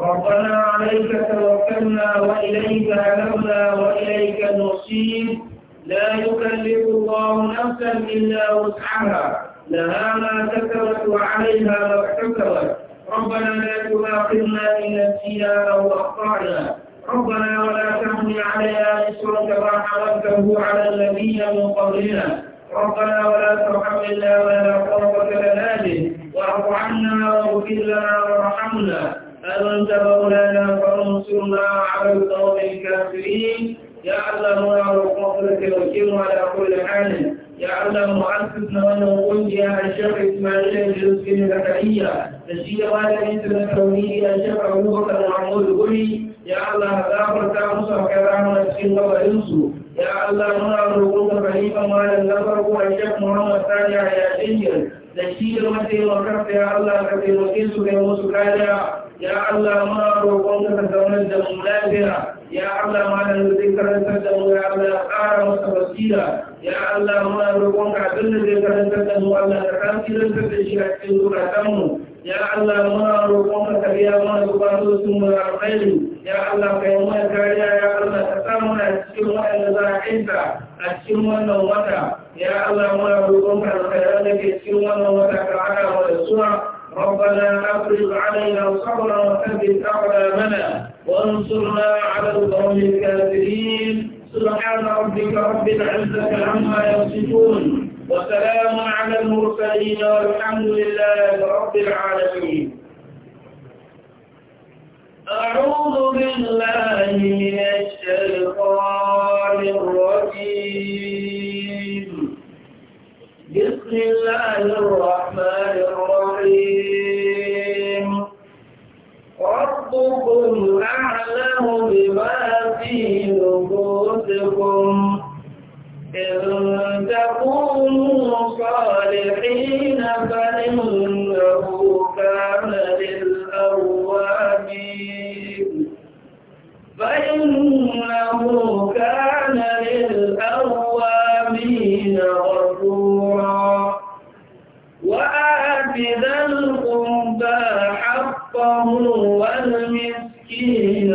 ربنا عليك توكلنا وإليك أنبنا وإليك المصير لا يكلف الله نفسا إلا وسعها لها ما كسبت وعليها ما اكتسبت ربنا لا تؤاخذنا إن نسينا أو أخطأنا ربنا ولا تحمل علينا إسرا كما حملته على الذين من قبلنا ربنا ولا تحملنا ما لا لنا به واعف عنا واغفر لنا وارحمنا ألم ترون أنهم انصرنا على القوم الكافرين يعلم القفلة والكم على كل حال يعلم مؤسسنا ونقول يا الشيخ إسماعيل الجزء الزكريا تشيد على انت نتوني يا شيخ أبو بكر محمود قولي يا الله غافر كاموسا نفسي الله وبرنسو يا الله منا الرقوق خليفة مالا نفر وشيخ محمد ثاني يا شيخ تشيد وانا وكف يا الله كثير وكيل كيموسو كاليا ya Allah ma roƙon ka zaunar da mu lafiya ya Allah ma da zai karantar da mu ya Allah ƙara masa basira ya Allah ma roƙon ka abin da zai karantar da mu Allah ka karantar da shi a cikin zukatan ya Allah ma roƙon ka kariya mana su mu da alƙairi ya Allah ka yi mana kariya ya Allah ka sa mana cikin waɗanda za a aika a cikin wannan wata ya Allah ma roƙon ka alƙairi da ke cikin wannan wata ka haɗa mu da suwa ربنا أفرغ علينا صبرا وثبت أعلامنا وانصرنا على القوم الكافرين سبحان ربك رب العزة عما يصفون وسلام على المرسلين والحمد لله رب العالمين أعوذ بالله من الشيطان الرجيم بسم الله الرحمن الرحيم ربكم أعلم بما في نفوسكم إن تكونوا صالحين فإنه كان للأوابين فإنه كان للأوابين غفورا والقوم والمسكين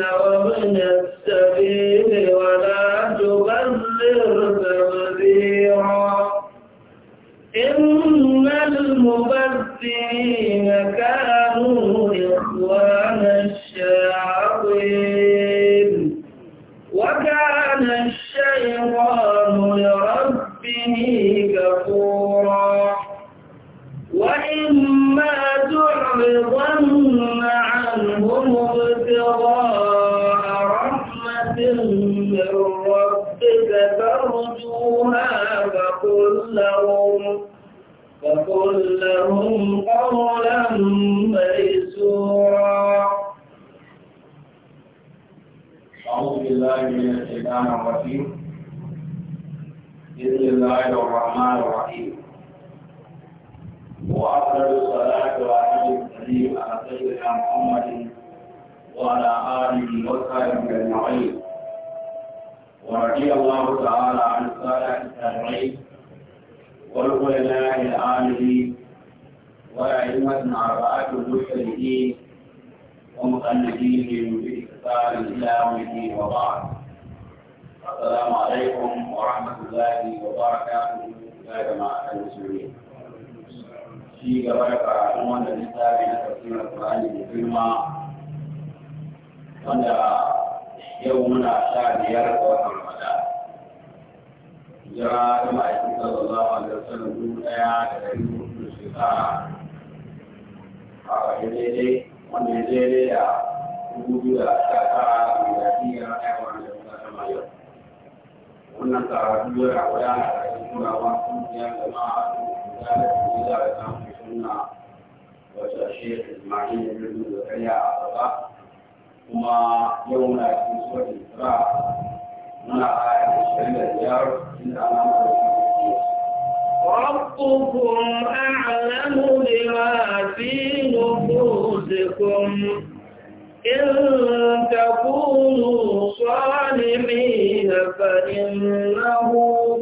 kuma yau na cikin suwar isra muna aya da shirin da biyar inda ana mara ربكم أعلم بما في نفوسكم إن تكونوا صالحين فإنه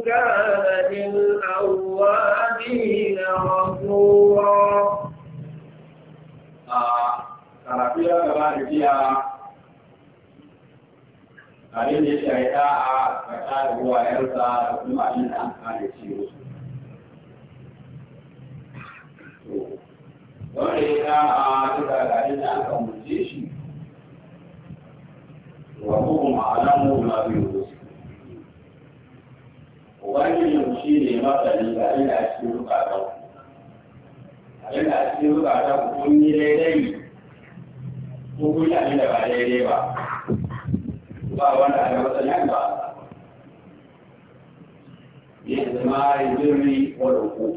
كان للأوابين غفورا. آه. abin da shi ya da ruwa ya ruwayensa da kuma abin da an kare ce musu. Wanda ya a duka da abin da an kamurce shi, wa kuma alamu na biyu musu. yau shi ne matsalin ga abin da a cikin ku. Abin da a cikin zukatan kun yi daidai, kun yi abin da ba daidai ba. ba wanda a wata yan ba ya zama ya birni wa roƙo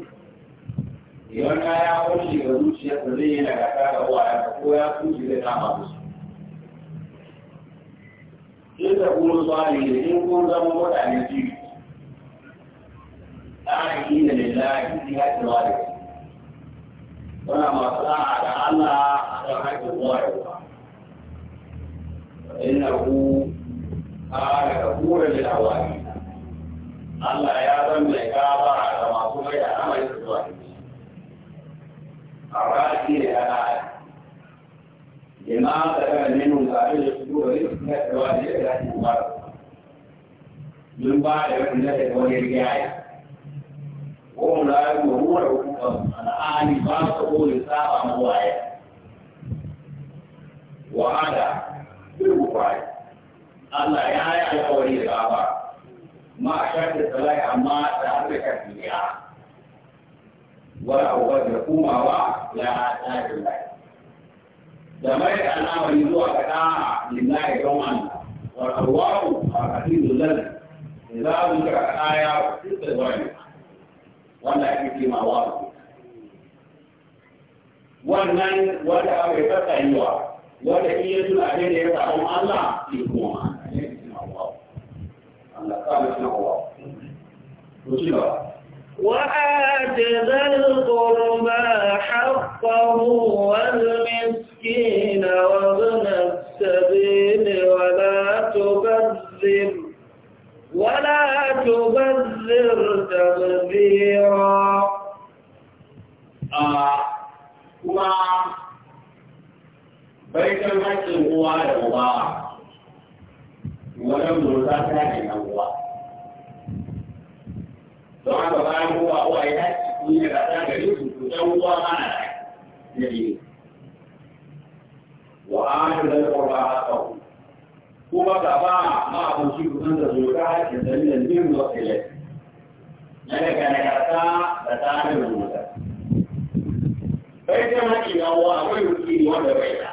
idan ya ya kunshi ga zuciyar da zai yi daga kaga uwaye ko ya kunshi zai kama musu in da kuma tsari da in kun zama mutane biyu tsarin inda lillahi ya ce wa da kai wana masu da'a da Allah a kan haƙƙin uwaye ba innahu kana kafuran lil awami Allah ya zan mai gabara ga masu mai da amai zuwa arati da ana lima da kana minun ka da su da ne da wani da ya ci ba mun ba da wani da wani ya yi ko mun da mu ruwa da kuma al'ani ba su ko ya saba mu waye wa'ada bil bukhari Allah ya yi alkawari da gaba ma a shafi salai amma da harkar biya wani abubuwan da kumawa ya tsarin lai da mai da al'amari zuwa ga ɗa'a lillahi don Allah wal arwahu a kasidu lana za a zuka ga ɗaya duk da zuwa wanda ake ce ma wa wannan wanda aka yi tsatsayiwa wanda iya suna da ya samu Allah ke kuma وآت ذا القربى حقه والمسكين وابن السبيل ولا تبذر ولا تبذر تبذيرا آه، كما بيت الحج هو على الله wajen motsa tana da yan uwa don haka bayan uwa uwa ya ci ne da ta gare su to yan uwa ma na da ne wa ahadu da qurba haqqahu kuma ka ba ma abinci kusan da zo ka hakkin dalilin bin wakilai na daga nagarta da tsarin rubuta bai ta haƙi na uwa akwai miskini wanda bai da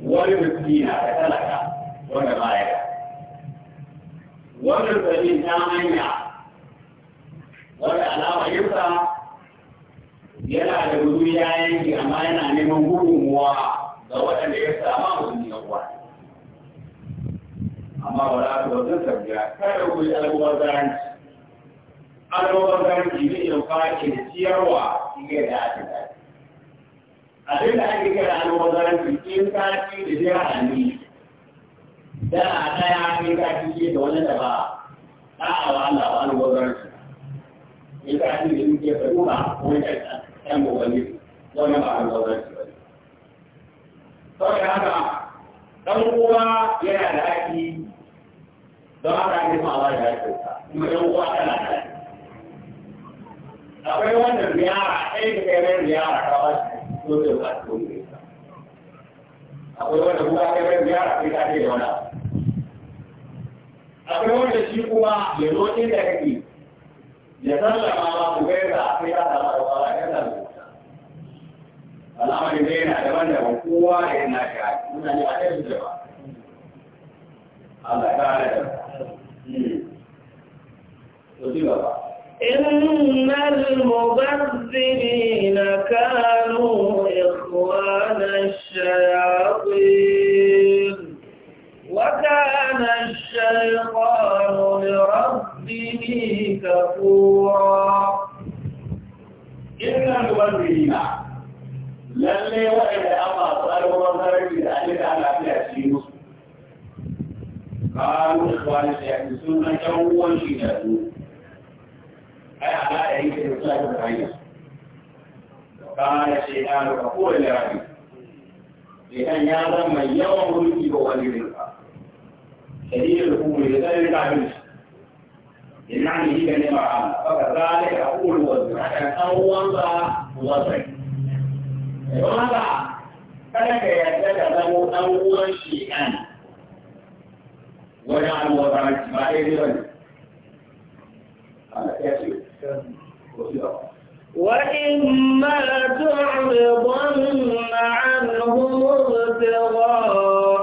wani miskina da talaka wanda ba ya wannan gari ta hanya wanda alamayinsa yana da gudu ya yanki amma yana neman gudunmuwa ga waɗanda ya sama mutum ya uwa. amma ba za su wajen sabbiya kada ku yi albazaranci albazaranci ne yin ke ciyarwa ga da ake da abin da ake kira albazaranci in ka ci da jihar ne da a ta ya fi ka kike da wani da ba ta a wa Allah wa an gwazon shi in ka ci da duke ka duba ko ya kan gobanni wannan ba an gwazon shi ba saboda haka dan uwa yana da haƙi don haka ake ma ba da haƙi kuma dan uwa tana da haƙi akwai wannan ziyara ɗaya da kai mai ziyara ta ba shi ko da ba ta akwai wanda kuma kai mai ziyara sai ka ce da wani abu akwai wanda shi kuma ya zo inda kake ya sallama ma ku gaira sai ya samu alwala ya samu al'amari dai yana daban daban kowa da yana shari mutane a ɗaya su jaba Allah ta hana da to ci gaba إن المبذرين كانوا إخوان الشياطين وكان الشياطين الشيطان لربه كفورا إن الوالدين للي وإلى أما سألوا مبذرين أجد على فيها مسلم قالوا إخواني سيحدثون من أول شيء أي على أي شيء يساعد الحديث قال الشيطان كفورا لربه لأن يعظم من يوم يجيب والدين شديد الحكم لذلك تعمل يمنعني هيك النبع عنه فكذلك أقول وزن عشان أول وزن وهذا فلك يتكلم أول شيئا وجعل وضع الاتباعي لغني وإما تعرضن عنهم ابتغاء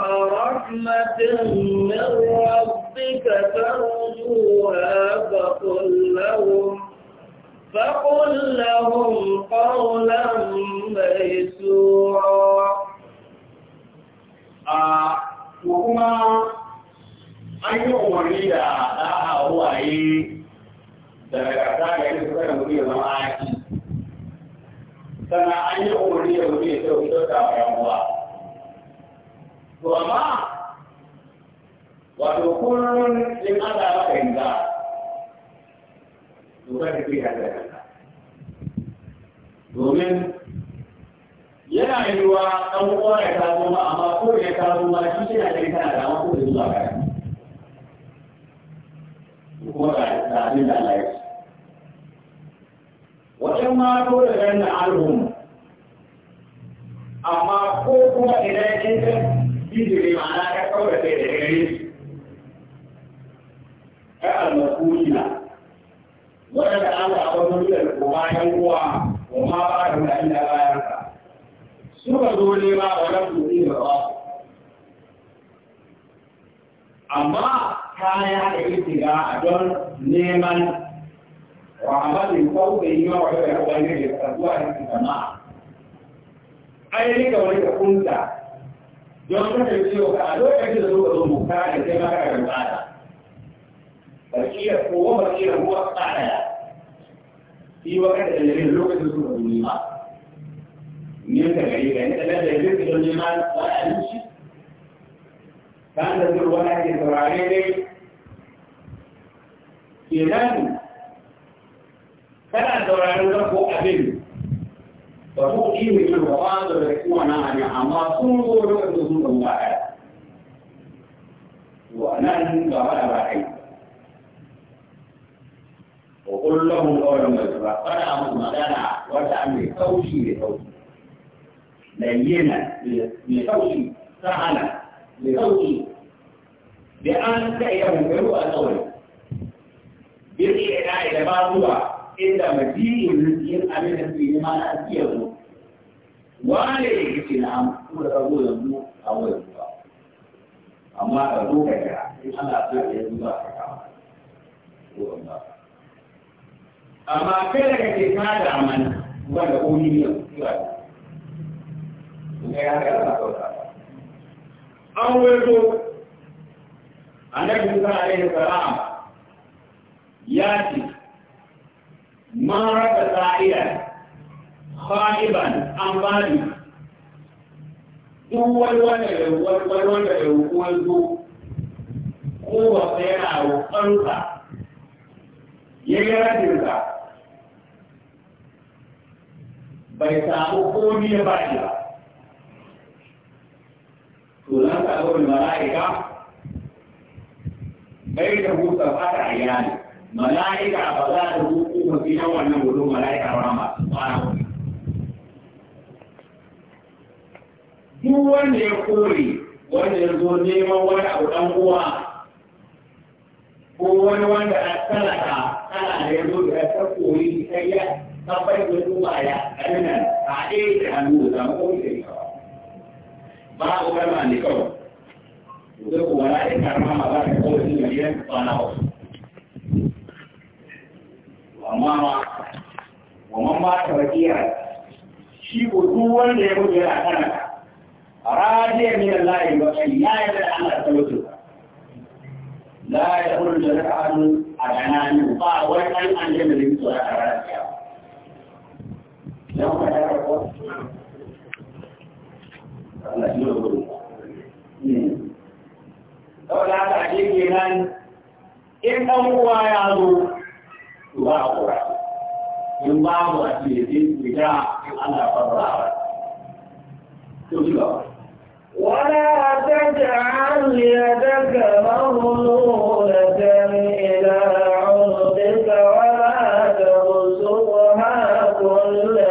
رحمة من ربك ترجوها فقل لهم فقل لهم قولا ميسورا آه، وكما أي أيوة أمريدا لا هو أي درجة يعني سكان أمريدا ما أي سنا أي أمريدا أمريدا تو تو تا 我妈。wato kullum in Allah maka riga to ka tafi da kanka domin yana yiwa ɗan uwa ya taso ma amma ko ya taso ma shi yana da kana da amma ko da zuwa ga kuma ga abin da Allah ya ce wajen ma ko da ganin alhum amma ko kuma idan in ka bijire ma'ana ka kaura kai da gare shi المسؤولين وإذا أنا أقول لك وما ينقوى وما بعد إلا ما ينفع سوى دولي ما ولم تصيب الرأس أما كان يعني ابتداء دون نيمان وعمل فوق يوم ويوم يتسوى السماء أي لك ولك كنت دون كنت يجيوك أدوك أجل ذوك ذو مكان كما كان يبقى بركية هو بركية هو معنى في وقت الذي لوقت سورة الإيمان نيوتن غريبة يعني ثلاثة يجب الإيمان ولا أمشي كان تدور ولا يتراعي إذن kana sauraron zarko abin ba ku yi mai yin gaba da da kuma nan hanyar amma sun zo lokacin sun zama a ɗaya. Wa nan gaba da ba kai. وقل لهم قولا مجرورا فدعوا مدانا ودعوا لقوشي لقوشي لينا لقوشي سهلا لقوشي بأن تأيهم قلوا الأول بالإعلاء لبعضها إلا مجيء المسير أمين في ما أسيره وعليه كتنام كل رجل يبدو أو يبدو أما أبوك جاء إن الله أبوك يبدو أحكام هو الله amma kai daga ke kada mana wanda komi ne zuwa ne ya haka yana sauka an wato annabi musa alaihi salam ya ce man raka sa'iya khaiban an bani duk wani wanda da wani wanda da wani ko ba sai yana roƙonka ya yi rajinka bai samu komi ya shi ba to zan ka zo da mala'ika bai da hutu fata a ne. mala'ika ba za ta hutu ba fi wannan gudun mala'ika rama ba duk wanda ya kore wanda ya zo neman wani abu ɗan uwa ko wani wanda a talaka ana da ya zo da ya ta kori ta yi tabbai da duba ya kananan a ɗaya da hannu da makon da ya ba a ƙoƙar ne kawai da kuma na ɗin karfa ma za ka kawai da gidan kwana wasu amma ma wannan ba ta wakiya shi ko duk wanda ya mutu yana kana radiya min Allah wa ya ya da Allah ta mutu la ya kullu da ta'alu a ganan ba wai an an da mutu a radiya يوم يعرف لا يقول هو يعدو تباع قرآن من بعض أسئلة بجاء أنا فرعا تجيبه ولا تجعل يدك مغلولة إلى عنقك ولا تبسطها كل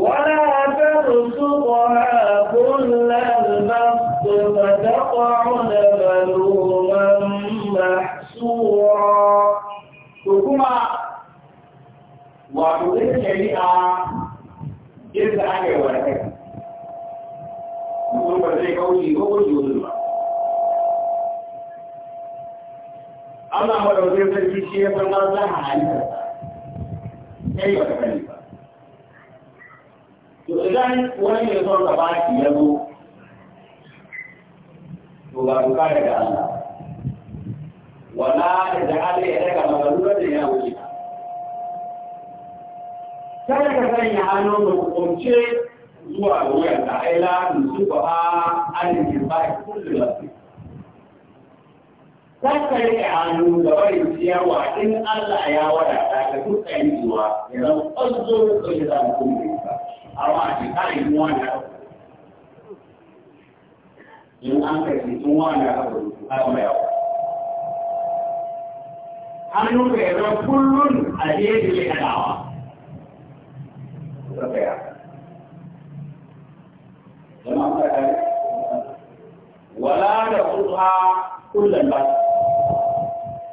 ولا تبسطها كل البسط فتقعد ملوما محسورا وكما wato ɗin shari'a yadda aka yi wa da kai mutum ba zai kauce ko kauce wani ba Allah ba da wajen sarki shi ya san ma za a halitta sai ba ta kani to idan wani mai son ka baki ya zo to ga doka daga Allah wala da hali ya daga magarurar da ya wuce kada ka sanya hannu da hukunce zuwa ga wuyan da aila ba a alin da kullu lafiya Saka rike hannu da barin ciyarwa in Allah ya wadata ka dukkan zuwa ya zama ƙwazo da ya zama kuma àwọn àṣìká ìlú wọn yà ìlú áńkẹ̀sì tí wọ́n yà àgbẹ̀wò. Hannun ẹ̀rọ kullum a jeji lè kàdáwa. Sọ́kẹ̀yà. Jama'a sọ́kẹ̀yà. Wala da kuka kullum ba.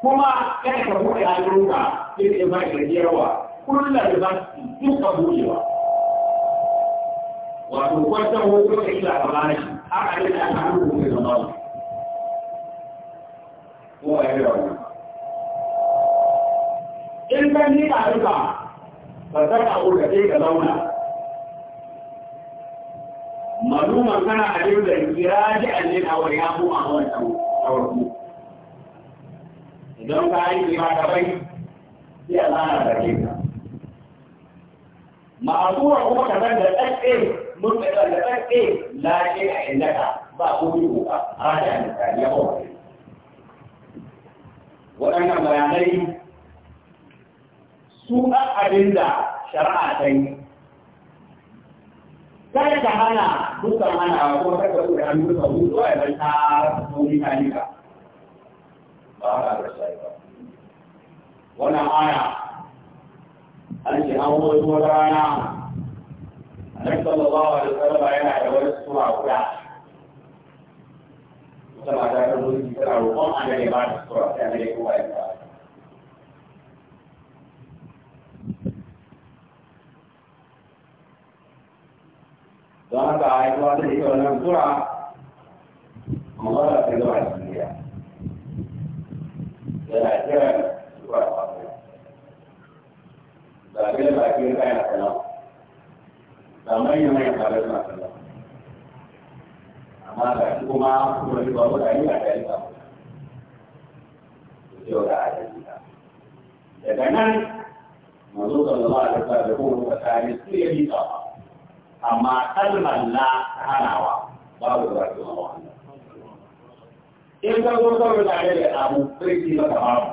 Kuma kada ka buɗe hannunka, sai ka ba ka jiyarwa, kullum ba duka buɗewa. wato kwanta hoto da ila labari haka ne da aka hannu mai zama su ko a yi rauni in kan ni a duka ba za ka ko kace ka zauna maluman kana a yau da kiraji an ne kawai ya ko a wannan tawarku idan ka yi kira ka bai sai a zana da ke ka ma'azura kuma ka zan da tsakke mun kai da karfe eh, lafiya a illaka ba ko yi ko a rada ne ta ya ba waɗannan bayanai su a abin da shari'a ta yi kada ka hana dukkan hana ko kada ku da hannu ka hutu a yaban ta wuri ka nika ba haka da shi ba wannan aya an ce an wasu wata rana النبي صلى الله عليه وسلم yana da wani sura guda sama da kan wani sura roƙon an gane ba da sura sai an gane kowa ya fara don haka a yi wata ita wannan sura kuma ba ta zuwa duniya da lafiyar sura ba ta da lafiyar ba ta yi kayan sana'a da manyan manyan tare suna sallah amma da kuma kuma shi ba da yi a tare da yau da a tare daga nan mazo sallallahu alaihi wasallam da kuma tsari su ya bi ta amma kalmar la hanawa babu da su ma wannan in ka zo kawai tare da abu sai ki maka babu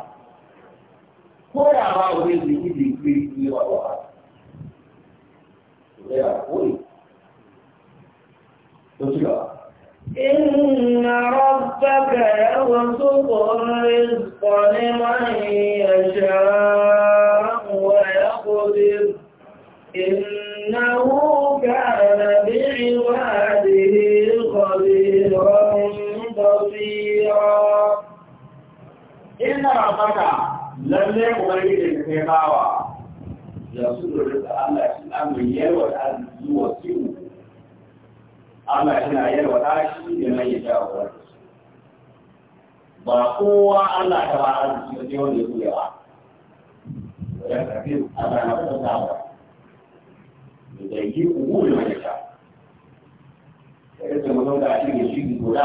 ko da babu zai yi jiki ne ba ko yana kori. Don ci gaba. Inna rabba ga ya sha wa ya kori. Inna na biyi wa adiri kori rohun tafiya. Inna rabba ga lalle kuma yi ke kawawa. ya su da Allah suna mai yawa da zuwa kiwo Allah yana yawa da shi da mai ya jawo ba kowa Allah ta ba arziki da yawan ya kuya ba ya karfi Allah na kusa ba da yi ugu da mai ya da yadda mutum da shi ne shi guda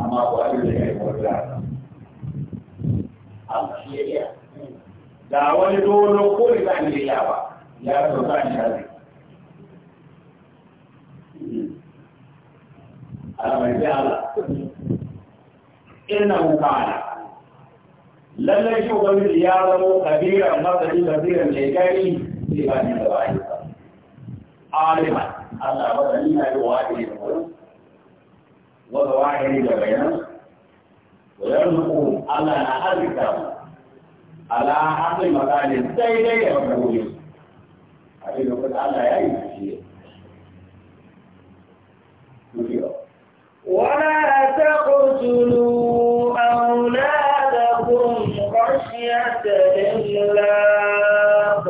amma ba a yi da ya yi guda Allah shi ya iya da wani dolo ko da ba ne ya ba ya so ba ni hali alamai sai Allah innahu kana lallai shugabanci ya zama kabiran matsayi kabiran mai gari sai ba ni da bayan sa aliman Allah ba zani na yi wa'adi da kuma wata wa'adi da bayanan wa yanzu Allah na arzika mu ala hasil makalin sai dai da wata wuri a cikin kuɗa Allah ya yi shi ولا تقتلوا أولادكم خشية إملاق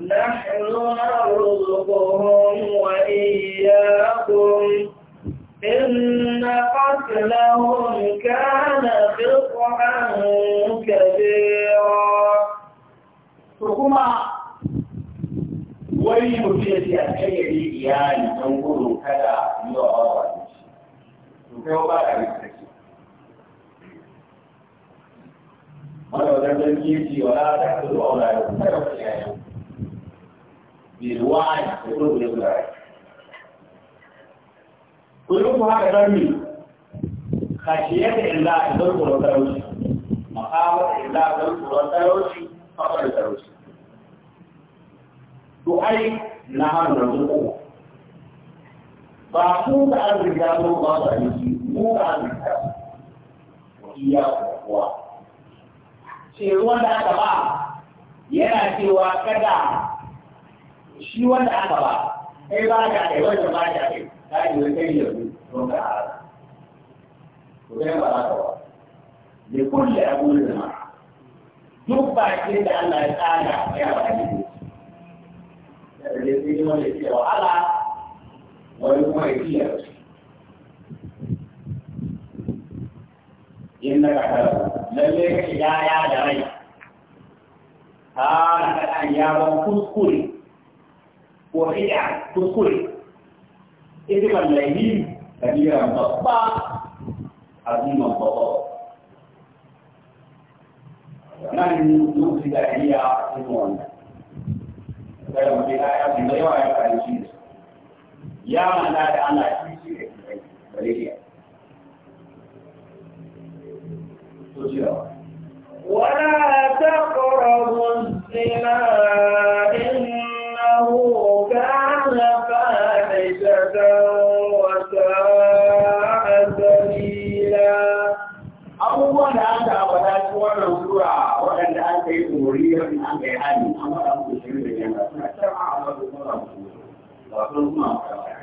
نحن نرزقهم وإياكم إن إن قتلهم كان خطعا كبيرا فكما wani mutum ya ce a kai ya yi iyali don gudun kada yi wa awa da shi to kai ba da rikin take wanda wajen don kici wa na ta kudu aula da kuma yau da yayin bi ruwa ne da kudu da كلها كذلك خشية الله ذلك والتروش مخافة الله ذلك والتروش فقر التروش دعي نحن نرزقه فأقول أن رجال الله عليه مو أن رجال وإياه وقواه sai wanda aka ba yana cewa kada shi wanda aka ba kai ba da kai wanda ba da kai kai da kai ya bi don ka ara ko dai ba haka ba da kullu abu da ma duk bakin da Allah ya tsara ya ba ni da da sai ne wanda ke wahala wani kuma ya kiyaye shi in na ka kara lalle ka ya da rai har ka ya ban kuskure ko hida kuskure إذا الليل كبيرا ضبا عظيما ضبا nan lokaci da iya cikin wannan kada mu ga ya fi da yawa ya kan shi ya manta da Allah shi shi da shi bare shi to shi wala taqrabu ضلالة وساء سبيلا abubuwan da aka abada ci wannan sura waɗanda aka yi umuri yadda an kai hali an faɗa muku shirin da yana suna can a wasu sura ba sun kuma faɗa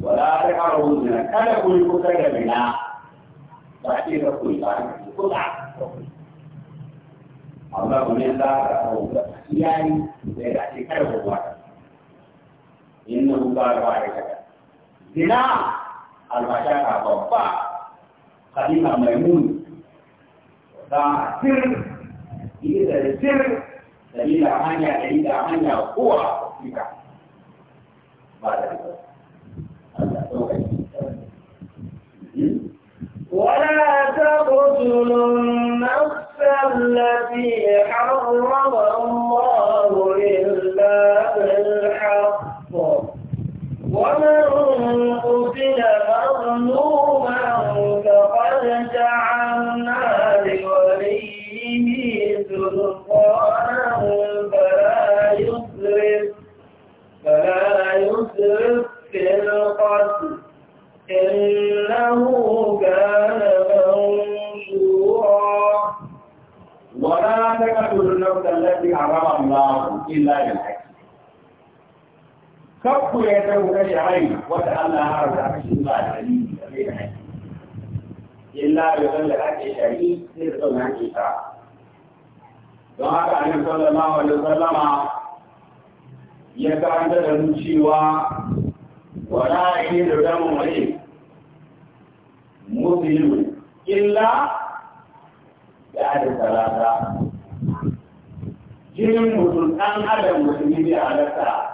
wala ta ƙara wuzina kada ku yi kusa da mina ba ce da ku yi ba kusa amma ku ne za ka ƙara wuzina yayi da ya ce kada ku kwata إنه قال واحدة زنا الفشاكة ضبا خليفة ميمون da sir إذا da sir dalila hanya dalila hanya kowa fika ba da ولا تقتلوا النفس التي حرم الله إلا بالحق ومن قتل مظلوما فقد جعلنا لوليه سلطانا فلا يسرف فلا يسرف في القتل إنه كان منشورا ولا تقتلوا النفس التي حرم الله إلا بالحق kakku ya ta kuka shi rai wanda Allah ya haramta a cikin ba da dalili da zai da haƙƙi illa da wanda ake shari'i sai da son haƙƙi ta don haka annabi sallallahu alaihi wasallama ya karanta da mu cewa wala yi da damu wani muslimu illa da ada salata jinin mutum ɗan adam musulmi a halatta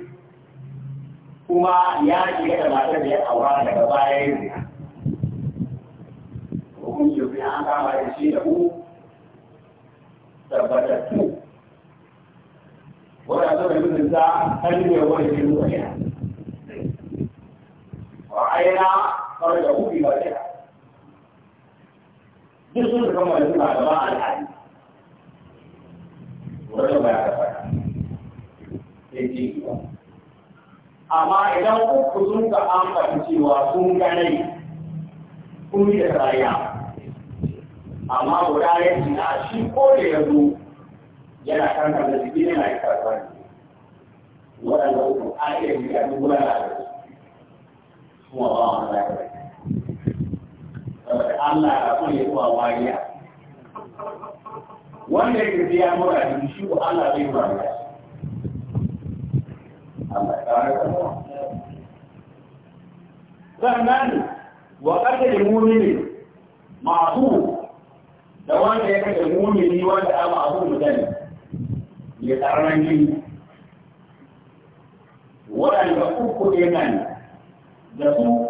kuma ya shiga da matar da ya aura daga baya yin zina hukunci bi an kama da shi da ku tabbatattu wanda suka mutunta kalmar wani shi zuwa yana ra'ayina kawai da hukumi ba ce duk sun kama da suna gaba al'adu wanda ba ya kafa ya ce ba amma idan uku sun ka amfani cewa sun ganai kun da raya amma guda ya ce na shi ko da ya zo yana kankan da jiki yana yi karfar waɗanda uku a iya yi a duk wani da su kuma ba wani da ya saboda Allah ya kuma yi kuma wariya wanda ya ke biya mura da shi ko Allah zai mura sannan wa da mumini masu da wanda ya kashe mumini wanda a masu mutane ya tsaron jini waɗanda uku ne nan da su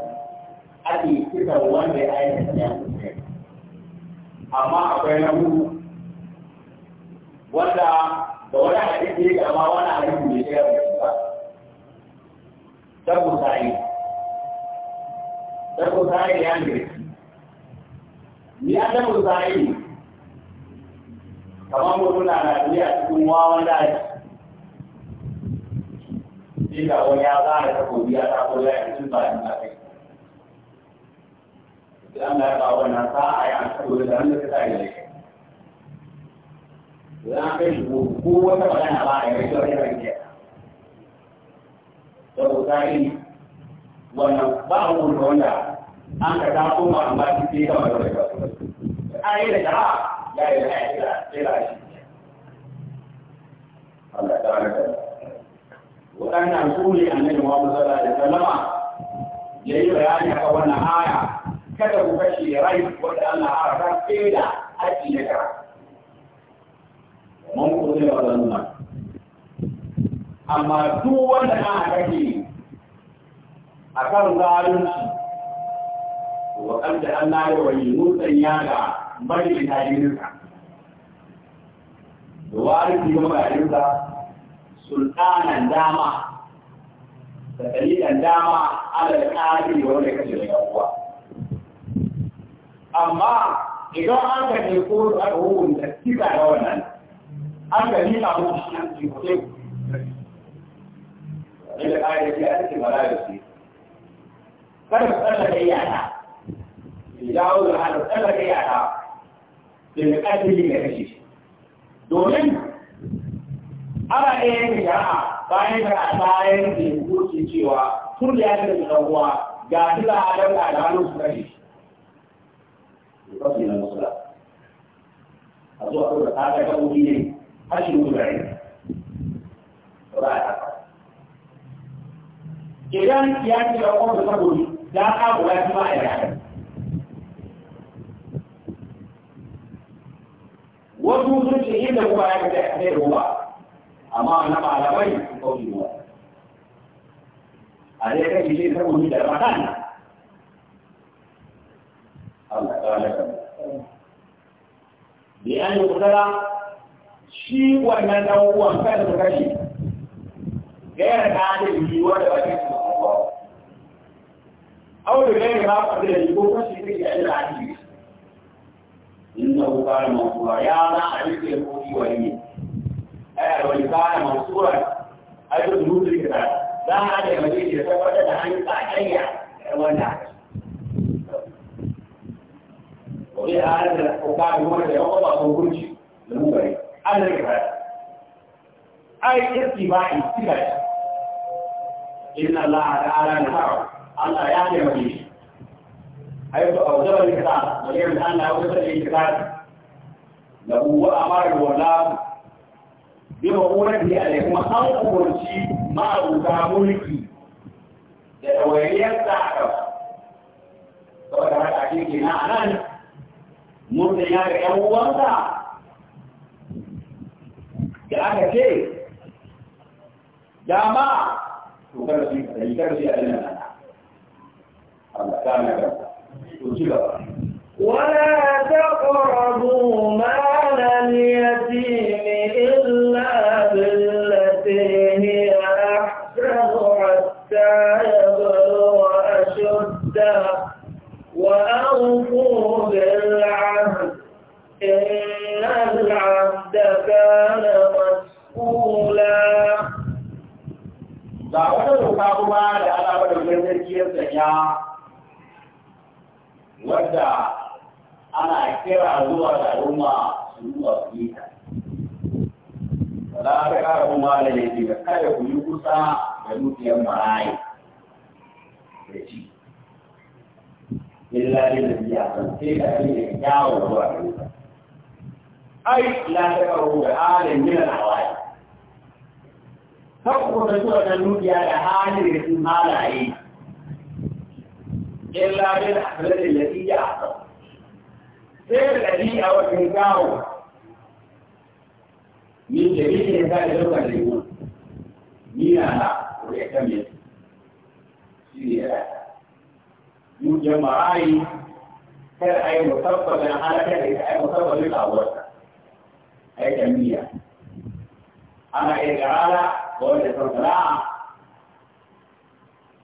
ake kisa wanda ya aikata ya kusa amma akwai na hudu wanda da wani hadisi ya gama wani hadisi ya ya Dabu Sa'id. Dabu Sa'id ya girki. Ni a Dabu Sa'id kamar mutum na Najeriya cikin wawan daji. Shi wani ya tsara takobi ya tsako ya yi cin bayan na kai. Idan da ya ba wannan sa'a ya tsako da hannun ta yi da kai. Idan aka yi shi ko wata magana ba a yi rashin rashin da kokari wannan ba a kuma wanda an ka ta koma an ba shi sai kama da wani a yi da jama'a ya yi da ya yi da sai da shi Allah ta wani da waɗannan su ne annabi Muhammad sallallahu da salama ya yi bayani akan wannan aya kada ku kashe rai wanda Allah ya rasa sai da aji na kara mun kuma zai wa zanna amma duk wanda na kake a kan zalunci wa kan da an nayi wa yi mutsan yaga bari ta jininsa da wani ki gaba jinsa sultanan dama da dalilan dama ala da ƙari wanda kashe da yawuwa amma idan an ka ne ko da hukunta kisa da wannan an ka nuna mutum shi ne إلى الآية التي أتت الملائكة فنسألك إياها إذا أول أن نسألك إياها للقتل لكشيش دونين أنا إيه بشراء bayan da a bayan da ya kuce cewa tun da ya ce da uwa ga shi da adam da alamun su kashe shi ba su yi na musula a zuwa kuma ta ga ne har shi mutu da rai ba a idan ya ce ya kuma saboda da aka guda kuma a yara wasu sun ce inda kuma ya kaje a kai ruwa amma na malamai sun kauce ruwa a dai kai shi saboda da ramadan Allah ta halaka bi an yi kusura shi wannan dan uwan kai da kashi gayar da adalci wanda ba ta أو بغير ما قبل الجبوة شكل أهل العديد إنه كان منصورا يا الله عليك القوت ولي أي كان منصورا أي ذنوب الكتاب لا هذا المجيد يتفرد عن تحية والنعش وفي هذا الحكام هو الذي يقضى من كل أنا المبرر هذا الكتاب أي اتباع اتباع إن الله تعالى نهاره Allah ya ne mai shi ai ba a zaba ne kada wani yau da Allah ya wuce da kira da huwa amara wala bi ma'urati alai kuma an kurci ma'abuta mulki da dawaiyar da aka saboda haka ake kenan a nan mutum ya ga ‘yan uwansa da aka ce dama to kada su yi kada su yi a nan ولا تقربوا مال اليتيم إلا بالتي هي أحسن حتى يبلغ أشده وأوفوا بالعهد إن العهد كان مسؤولا. Ga wata doka kuma da ana wadda ana kira zuwa da al'umma su zuwa su yi ta. Wala ta kara kuma da yake da kada ku yi kusa da dukiyar marayi da ci. Illa ne da biya san sai da kai da kyawun zuwa da wuta. Ai, la ta kara kuma da halin milan hawaye. Kan kuma zuwa da dukiya da halin da sun halaye إلا بالحملة التي يعطل سير الذي أو الكنكاو من جميع هذا اللغة اليوم من أنا ويكمل سيرا من جماعي كان أي مصطفى من حالك أي مصطفى من للأول أي جميع أنا إقرارا وأنا صلاة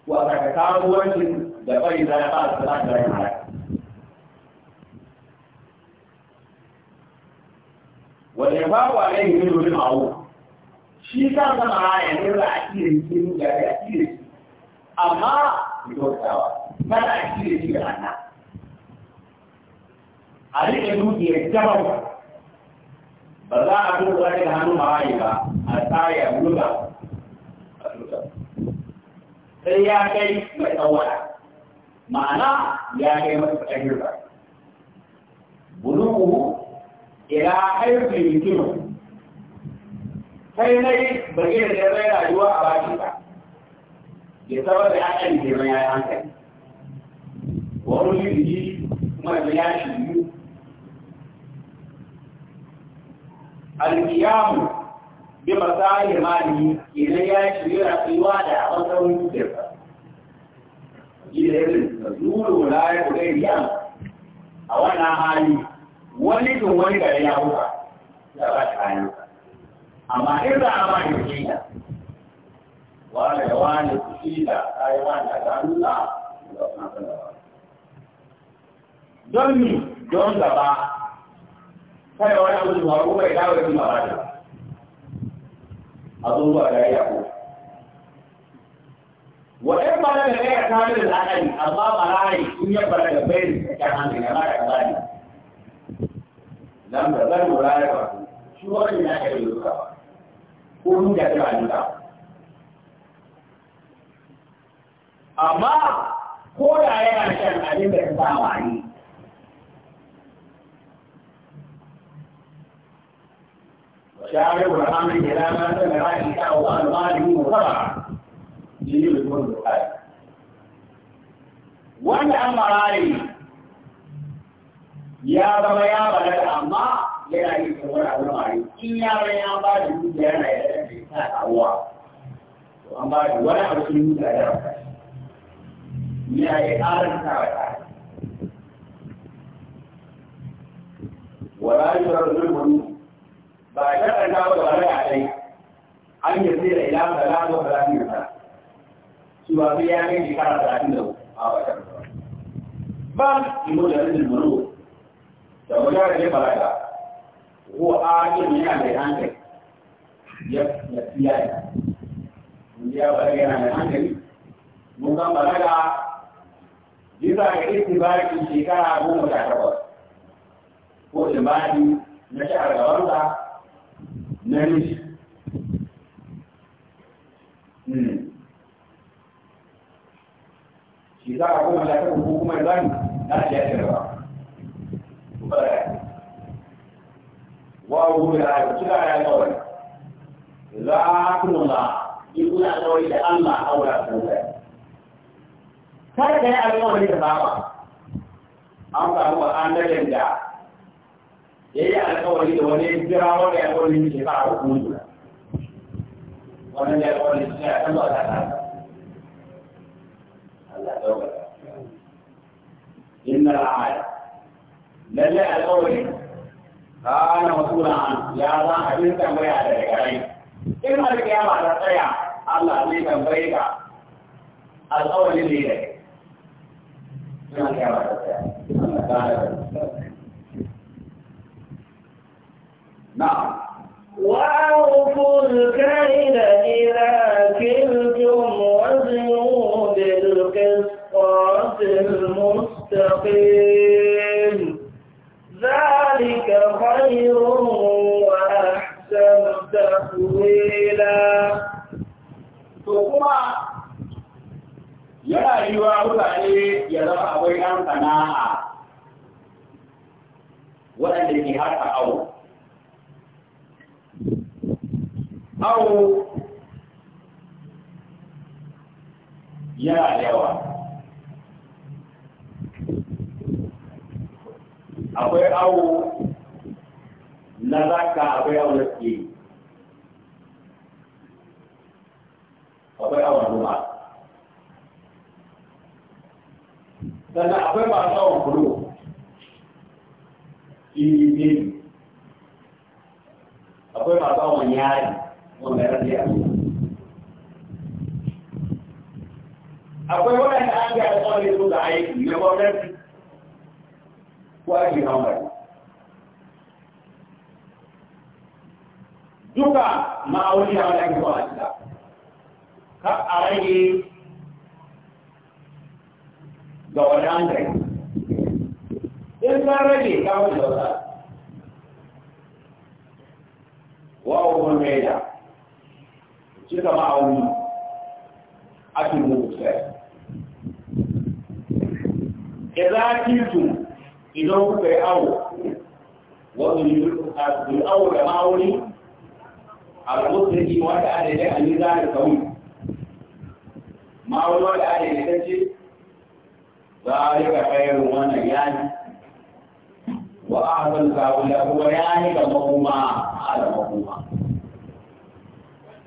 وأنا karuwancin da bai da ya fara tsara da yin haya wanda ya ba wa rai ne domin awo shi kan zama haya ne da a kire shi da ya kire shi amma mai kyautawa kada a kire shi da hannu a rike dukiyar jabar ba za a duba da hannu hawaye ba a tsaya buga a tutar sai ya kai mai tsawara ma'ana ya kai masa fatan riba buluku ila haifin yukinu sai na yi bakin da ya zai rayuwa a bakin ka ya saba da ya kan girma ya yi hankali wani yi kuma da ya shi yi alkiyamu bi masali mali idan ya shirya tsayuwa da abin dukiyarsa gidan zuru la ya kuɗe biyan a wannan hali wani tun wani gari ya huka da ba ta hanyar amma in za a ma yi wani da wani su shi da kayi wani da ganuna da kuma sanarwa don mi don gaba kada wani abu da faru bai dawo da kuma ba da a zo zuwa gare yaƙo wa'in ba da kai a kare da al'adari amma ba rari in ya fara da bayan cikin hankali na mara kaza ne nan da zan lura da ba shi wani na ka yi duka ba ko mun da ta duka amma ko da yana shan abin da ta sa wani شاعر وحامل إلى ما سمع إشاء وأنواله وطبعا جيب الكون البخاري وأنا أمراري يا بابا يا بابا أما yana yin sauran abin mari in yaran ya ba da dukiya yana ya dace ta kawo to an ba da wani abu sun duka da rafa ya yi ƙarin ta wa ta wala yi wa rarrabu ba a karanta ba ba da kai an yi sai da ila da la da ba ni ta su ba bi ya kai shekara da talatin da a ba ta ba imo da rin mulu da wanda da ya balaga ko a kin yana da hankali ya ya tiya ya balaga yana mai hankali mun ga balaga bisa ga istibarin shekara goma sha takwas ko imani na shahar gabansa namiji hmm. shi za a kuma shakar ko kuma zan na shi ya shirwa kuma ya wa wuri da ya ci da ya kawai za a kuma in kuna kawai da Allah a wura su da kada ka yi alƙawari da baba an samu al'adarin da ya yi alkawari da wani jira wanda ya kwallon ke ba a hukumu wannan ya kwallon shi ya kama da ta Allah ɗaukar inna al'amal lalle alkawari kana masula an ya za a bin tambaya da garai in har kiyama ta tsaya Allah zai tambaye ka alkawari ne da kai in har kiyama ta tsaya Allah ta نعم وأوفوا الكيل إذا كلتم وزنوا بالقسطاس المستقيم ذلك خير وأحسن تأويلا ثم يا أيها mutane يا zama akwai ɗan sana'a waɗanda ke haka awo ya yawa akwai awo na ka akwai awo na ke akwai awo noma sannan akwai masu awon kudu iri akwai masu awon yari wanda ya akwai waɗanda an ga alƙawarin su da aiki na gwamnati ko aiki na wani duka ma'auni na wani aiki kwanci da ka a rage ga wani an gari in ka rage ka wani da wata wa'ubu mai da cika ma'auni akin mutusai idan kitu idan kuka yi awo wani yi awo da ma'auni a rubutun yi wata adadai a yi za da kawai ma'auni wata adadai ta ce za a rika kayar wannan yani wa a hasan zaɓula kuma yani ga mahuma a mahuma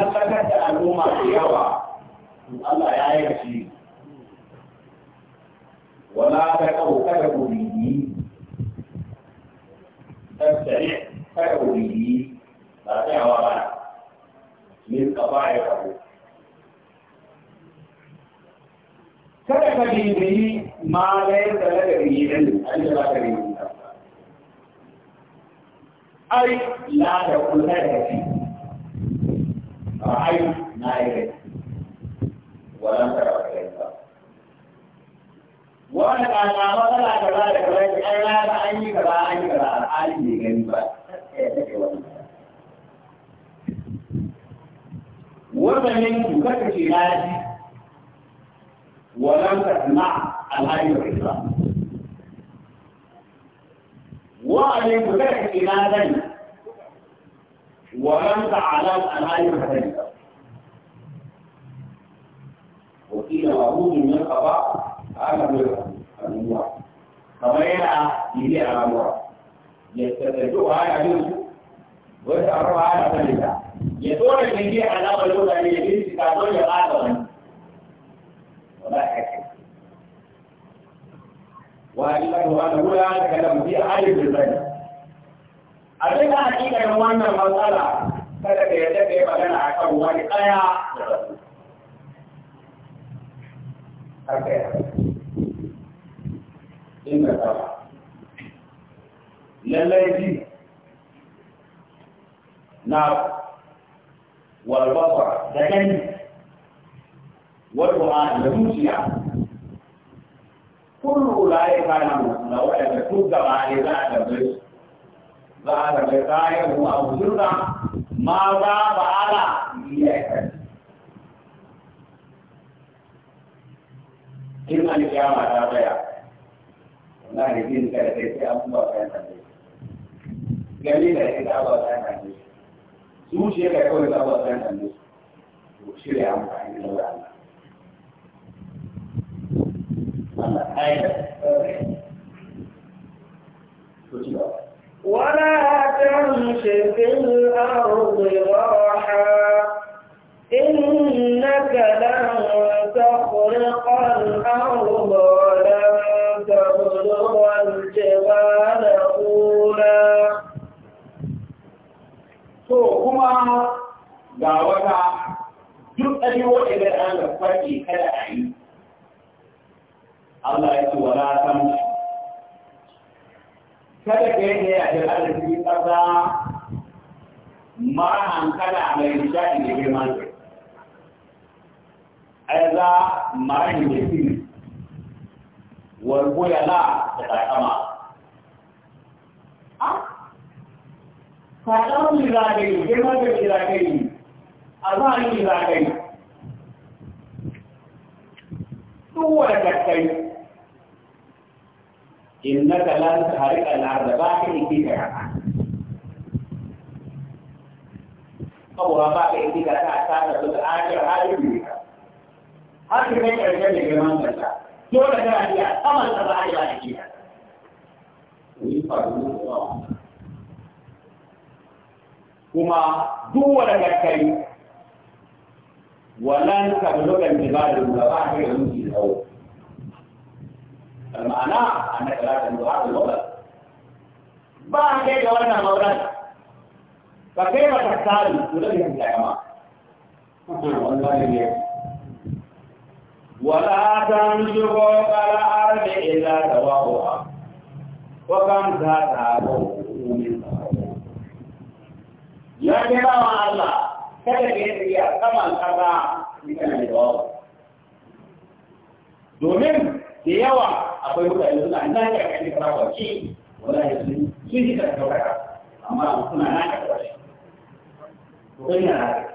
halakar da al'umma da yawa Allah ya yi shi wala ta kawo kada ku biyi tattare kada ku biyi ba tsayawa ba ne kafa ya kawo kada ka biyi ma lai da daga biyi ɗin an da za ka biyi ai la da kula da shi رأيت ما يريد ولم ترى كذا وأنا كان مثلا كذا كذا أنا لا أني كذا أني كذا أني كذا ومن كتب شيئا ولم تسمع الهدي الإسلام وأن كتب شيئا ولم تعلم الهدي الحسني معروض من قضاء على غيره الأموال كما يرى يبيع الأموال يستدعوها على جنسه ويتعرضها على فلسة يدور الجنسية على غيره لأن يجلس كادون يغادر ولا حكم وأنه أنه لا يتكلم في أهل البلد أبدا حقيقة أن المسألة kada ka yadda ka أن magana a kan wani haka inda ta lallai ji na walwaba da gani wadda da zuciya kullu la ya kana na wadda duk gaba ne za a tambaye za a tambaye kayan mu a buzurga ma za ba ala ya in an kiyama ta tsaya wallahi jin ka da kai sai abubuwa kayan nan ne gani da kai abubuwa kayan nan ne zuciya ka kawai abubuwa kayan nan ne to shirya amfani da wani Allah Allah ayyuka ولا تمش في الأرض راحا إنك لن تخرق الأرض ولن تبلغ الجبال طولا to kuma ga wata duk abubuwa idan an da farki kada a yi Allah ya ce wala san kada ka yi ya da arziki tsada mara hankala mai nishaɗi da girman kai aiza marahi da siri wargoya na da takama a takamun zagayi girman da zagayi a zaharin zagayi duwa da kakkai innaka lan tahriqa al-ardh ba ka iki ka kawo ba ka iki ka ta ta da su da akira halibi har ka kai ƙarshen da girman kanta dole kana iya saman sa ba a yi ba da kiyar kuma duk wanda ka kai wannan kablugan da ba da gaba a kai da mutu tsawo ma'ana a na kira da zuwa da maulan ba a kai da wannan maulan ka kai ba ta tsari to da ya kama wannan ne ولا تنشقوا كالأرض إلا تبعها وكم تتابعوا من تبعوا لكن مع الله كذلك يحكم القضاء مثل الجواب domin da yawa akwai mutane suna na ya kai fara kwaci wala ya sun sun ji da kawai amma suna na ka kwaci to kai na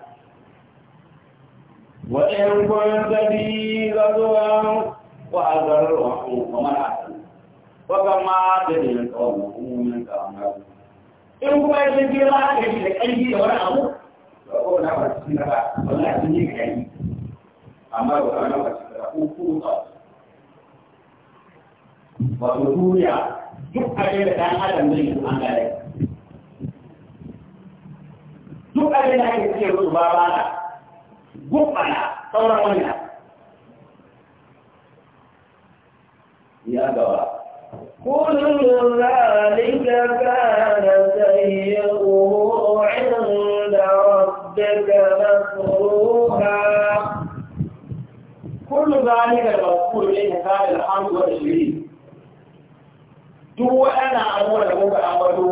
وإن كنت بي غزوا وأذره ومنعته وكما تدل قومه من كامل إن كنت بي غزوا لكي ورعه وأقول لك سنبا ولا تنيك أي أما وأنا وأنا wato duniya duk abin da ɗan adam zai yi an gare duk abin da ake ce musu ba ba na gumbala sauran wani abu ya gaba كل ذلك كان سيئه عند ربك مكروها كل ذلك المذكور إليه كان الحمد والتشريف duk waɗannan abubuwan da muka ambato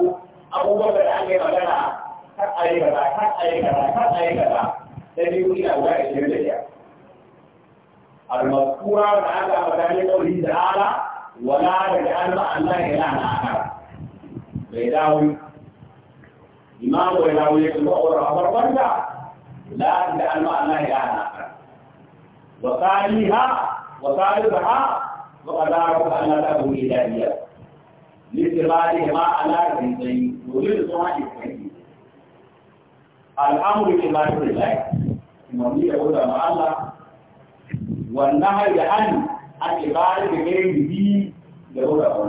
abubuwan da ake magana kan ayi kaza kan ayi kaza kan ayi kaza biyu ina guda ashirin da biyar almaskura da aka ambata ne kawai ta'ala wala da ja'al ma Allah ila na akara bai dawo imam bai dawo ya kuma aure a farkon da la da ja'al ma Allah ila na akara wa qaliha wa qaliha wa qadaru an la tabu ilahiyya lisbali ma ala rizqi wa rizqi الامر بما يريد الله umarni da wuta ma Allah wannan har da an ake bayar da gare bibi da wuta ma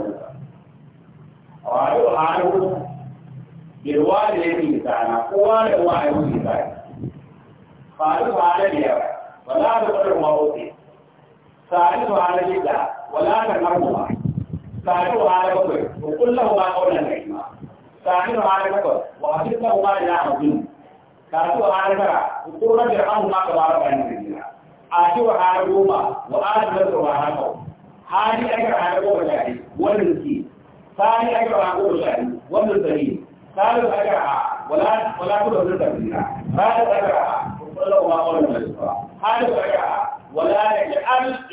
Allah a wani hannu da ruwa da ya fi sana kowa da ruwa ya fi sana faru ba na biyar ba za ka bar ruwa wuce sa'adu ba na shida wala ka marmuwa sa'adu ba na bakwai ko kullum ba kaunar da ima sa'adu ba na bakwai wa a cikin ba da na mutum karatu a harkara ko na jirgin ma ka bara bayan jirgin a ce wa har goma wa an da ruwa har kawo hali aka har goma da shi wannan ki sani aka har goma da shi wannan dari sani aka ha wala wala ku da tsira sani aka ha wallahu ma qawlan bil hali aka ha wala ya'al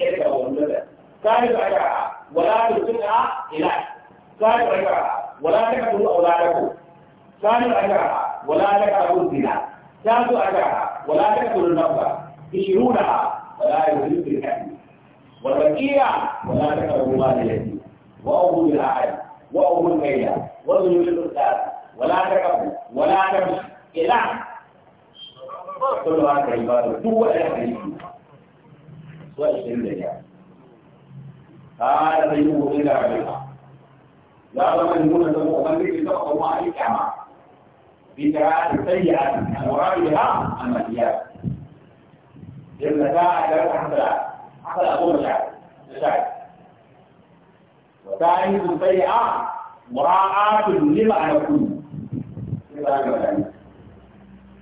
yadda wannan da sani aka ha wala tusna ila sani aka ha wala takulu auladakum sani aka ha ولا لك أنزل ثالث أجرها ولا تقتلوا النفس تشيرونها ولا يهلك الحكم والبقية ولا تقربوا مال اليتيم وأبو بالعهد وأبو الميلة وأبو بالقرآن ولا تقربوا ولا تمشوا إلى كل هذا عبادة هو الحديث وأشهد لله هذا سيدنا إلى ربك لا تمنون أن تقوموا بك تقوموا عليك أعمال بقراءة سيئة المراد بها الماديات لأن ساعة ثلاثة حصل حصل أبو مشاعر مشاعر وثالث سيئة مراعاة لما يكون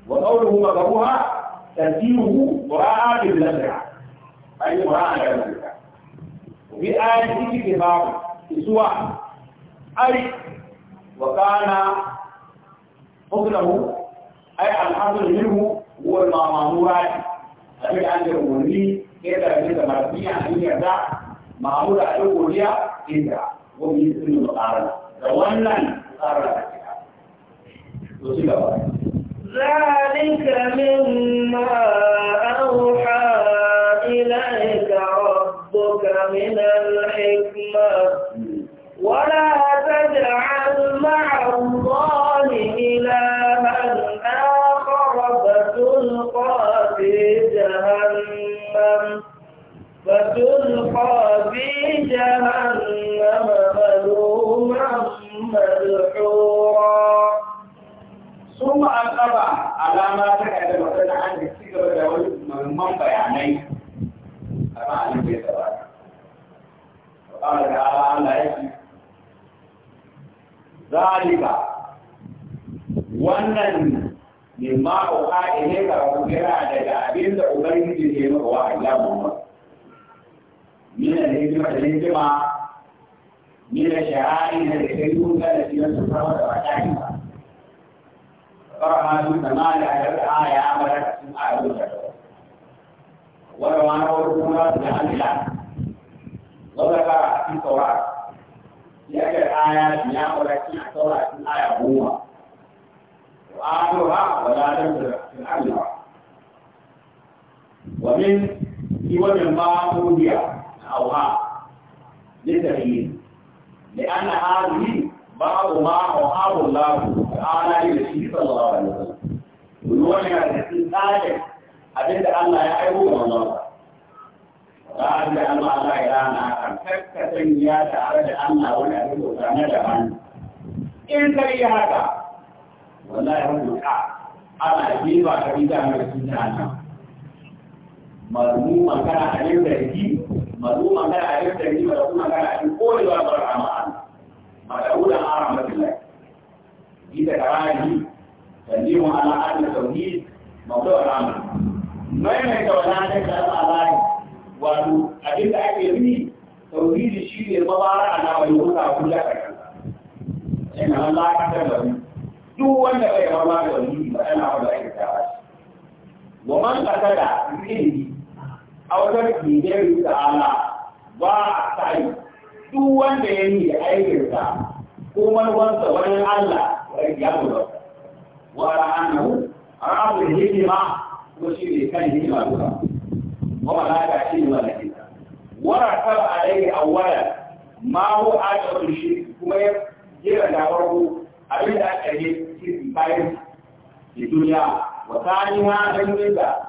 وقوله مكروها تسيره مراعاة بالمشاعر أي مراعاة بالمشاعر وفي آية في كتاب سوى أي وكان فضله أي الحاصل منه هو المعمورات أبدا أن الأولي كذا كذا مرضية أن يرضى معمورة الأولية كذا وبيسن المقارنة دولا مقارنة ذلك مما أوحى إليك ربك من الحكمة ولا تجعل مع الله وتلقى في جهنم ملوما مدحورا ثم أنقضى على ما تكاد مثلا عن السيرة الأول من بياني كما عن البيت وقال تعالى عن إيه؟ ذلك wannan mimma ko ka ihe ga kuma daga abin da ubangiji ne maka wa Allah mu من الهجمة الهجمة من الشعائر التي يكون التي تتصور وتعلمها فرحة كما لا يرعى يا عملك سمع ولو أنا أردنا بأن الله وذكر في التوراة لأجل آيات يا عملك سمع التوراة آية هو وآخرها ولا تنزل في الأرض ومن سوى ما أوتي أوهام للتغيير لأن هذه بعض ما أوهاب الله تعالى للنبي صلى الله عليه وسلم ويقول لنا الاستثناء أبدا الله يعيبه من الله قال أن الله لا نعلم فكة يا تعالى أن ولا أبدا ندعم إن كان هذا والله يقول ana jefa ka ita mai suna nan marmu magana a yau masu magana a yin tarihi masu magana a yin korewa bar rama'an masu wulan ara mafi lai gita karari tanzimun ala'ad da tauhid mafi wa rama maimaita wa na ta kasa alai wato abin da ake yi tauhidi shi ne mabara a nawa yi wuta kula da kansa yana nan lakatar da wani duk wanda bai rama da wani ba yana wa da ake tara shi wa man kasada ilimi أو تركي غير تعالى وعطاي duk wanda ya yi da aikinsa ko manuwarsa wani Allah wani ya mu wa ra'anahu ra'abul hikima ko shi ne kan hikima duka wa malaka shi ne malaka ورتب عليه أولا ما هو آجر الشرك كما يجب أن يقرأه أبدا أجل شرك بايد في الدنيا وثانيها لم يبقى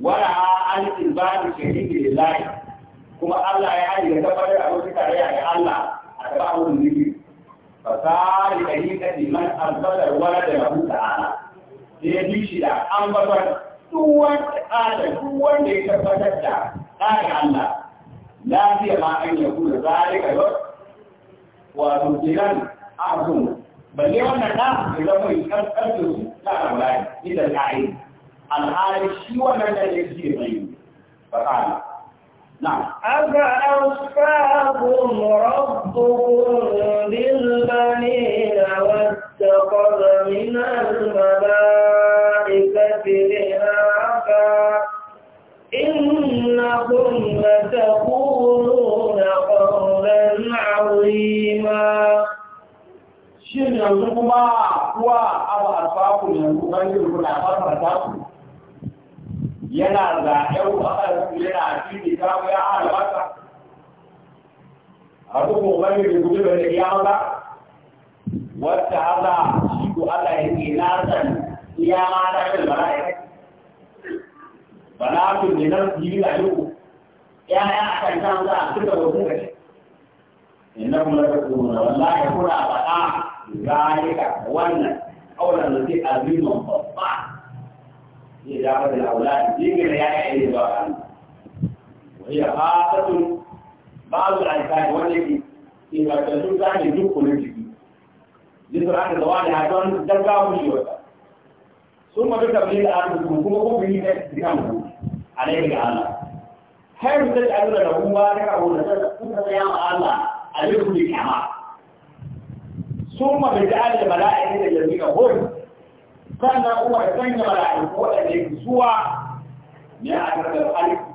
Wala a an tilbani shari'i lillahi kuma Allah ya yi tabbatar a wasu tarayya ga Allah a gaba abun zikiri fa sai da yi kadi man albadar wala da lahu ta'ala sai bi shi da an babar duwan ta'ala duwan da ya tabbatar da tsarin Allah lafiya ma an ya kula zalika yau wato kiran abun balle wannan da zama yi karkar da su ta rabai idan ta'ala alhali shi wannan da ya ce نعم أفأصفاكم ربكم بالبنين واتخذ من الملائكة إناثا إنكم لتقولون قولا عظيما شنو يقول ما هو أفأصفاكم يقول ما يقول أفأصفاكم yana zaɓen waɗansu yana cikin kawo ya halabata a duk mummanin da gudu da ya maza wata haza shi ko Allah ya ke nasan iya ma ya kai. mala'ika bala'atun ne nan su yi da yau ya ya a kan kan za a cika da kuma shi inna kuma da kuma wallahi kuna faɗa zalika wannan kaulan da zai azimin babba إجابة الأولاد ديك الرياء إجابة وهي خاصة بعض الأنسان والذي إذا تشوف ذلك يجوب كل شيء لسرعة الزوال هاتون تلقاه مشيوتا ثم بتبليل أنفسكم كما هو به عليه على هل أن له مبارك أو تجعلون الله عليكم بكما ثم بجعل الملائكة الذين هم sannan kuma da sanya mala'iku waɗanda yake suwa ne a ƙarƙar halittu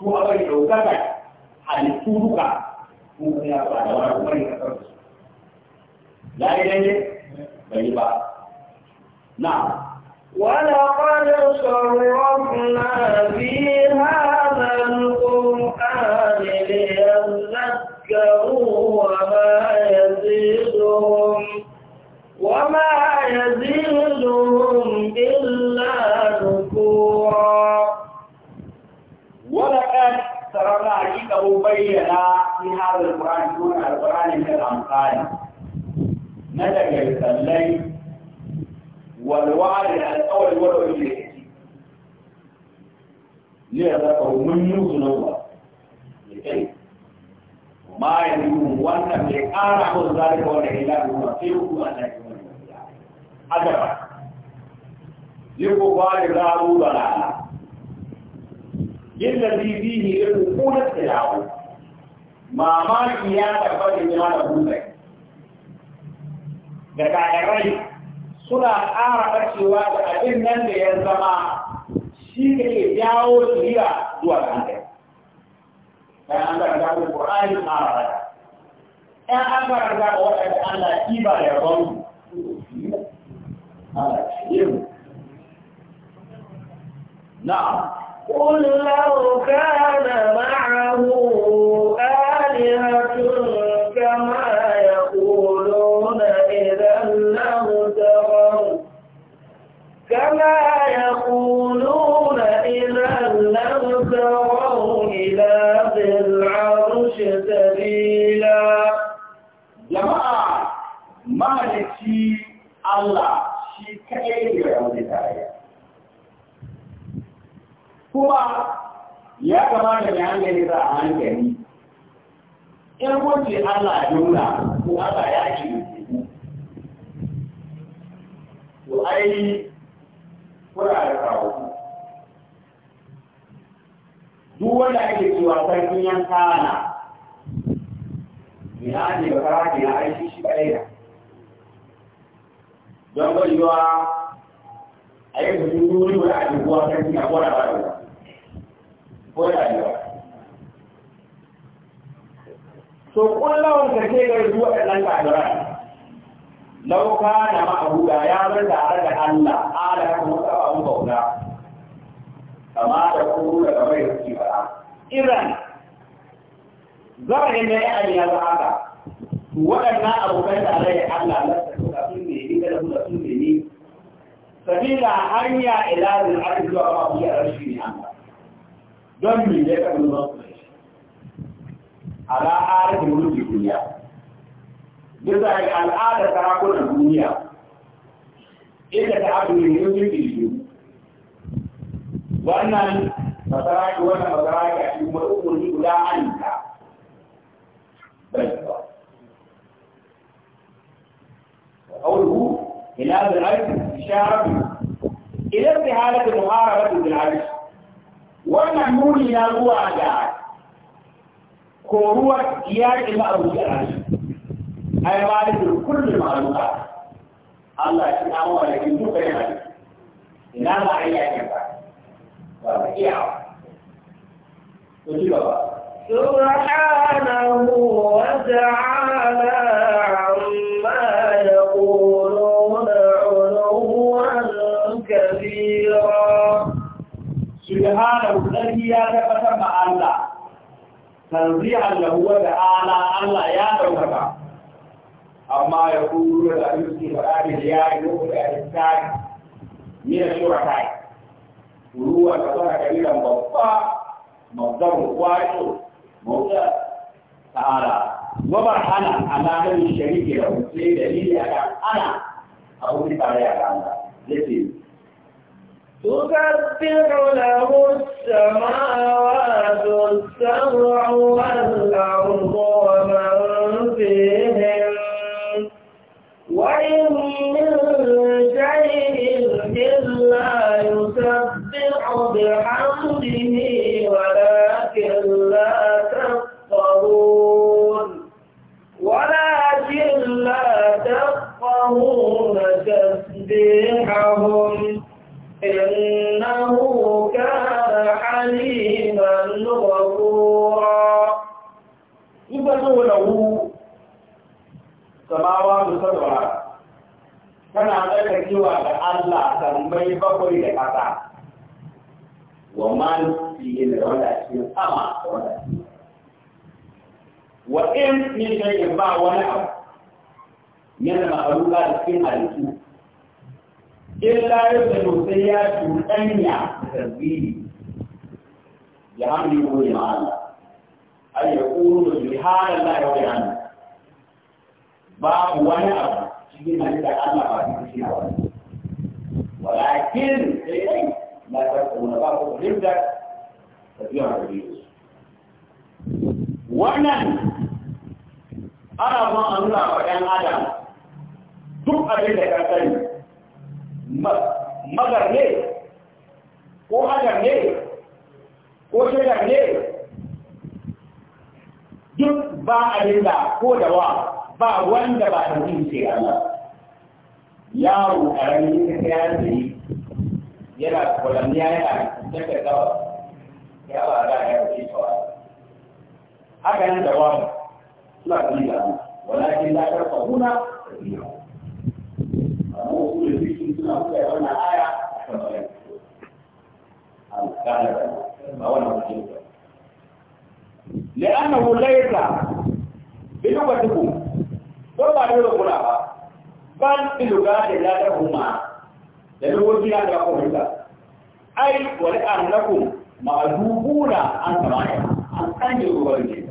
su a bari ɗaukaka halittu duka kuma ya fara da wani kuma ne ƙasar su ya yi daidai bai ba na لك الآن ترى كل الدنيا إذا تعبني من يجب اليوم وأن مسارك وأن مسارك يوم الأمور لا أنت بل وقوله إلى هذا العرش إشارة إلى ارتحالة المحاربة بالعرش وأن نور إلى هو أجاك كوروة إياك إلى أبو العرش ai malikul kulli ma'lumat Allah ya kama wa lakin duka yana ina ma ai ya kanta ba ba iya to ji baba subhanahu wa ta'ala amma yaquluna uluwan kabira subhanahu alladhi ya tabbata ma Allah tanzihan lahu wa ta'ala Allah ya daukaka أما يقول الأمير في القرآن يا أيها الإنسان من الشركاء قلوا أن الله كبيرا بطاء مصدر قواته موجة تعالى وما أنا أن من الشريك له سيد لي أنا أنا أقول لك يا أنا لكن تكبر له السماوات السبع والأرض إن من شيء إلا يسبح بحمده ولكن لا تفقهون ولكن لا تفقهون تسبيحهم إنه كان حليما غفورا يبدو له سماوات سبعه tana tsaka cewa da Allah sammai bakwai da ƙasa wa man fiye da wanda cikin sama da wanda cikin wa in min shay'in ba wani abu yana makaruka da cikin halittu illa yadda sai ya cuɗanya tasbiri ya hamdi ko ya ma'ana ay yaqulu subhanallahi wa bihamdihi babu wani abu cikin halittar Allah ba su fushi na wani. Walakin sai kai na tattauna ba ku fahimtar tafiyar da biyu. Wannan ana son a nuna wa ɗan Adam duk abin da ka sani magar ne ko hajar ne ko shagar ne duk ba abin ko da wa ba wanda ba ta wuce Allah. yaro a ranar ya tsaye yana kwalamniya yana daga gawa ya ba za a yaro ke haka nan da wani suna kuli da mu walakin da karfa kuna da biyu amma wasu da biyu suna kuka yi wannan aya a kan bayan alƙalar ba wannan kuke ba لأنه ليس بلغتكم ثم لا bal bi da la tahuma da lokaci ya ga ku da ai wal annakum ma'dubuna an samaya an kan yi ruwan ne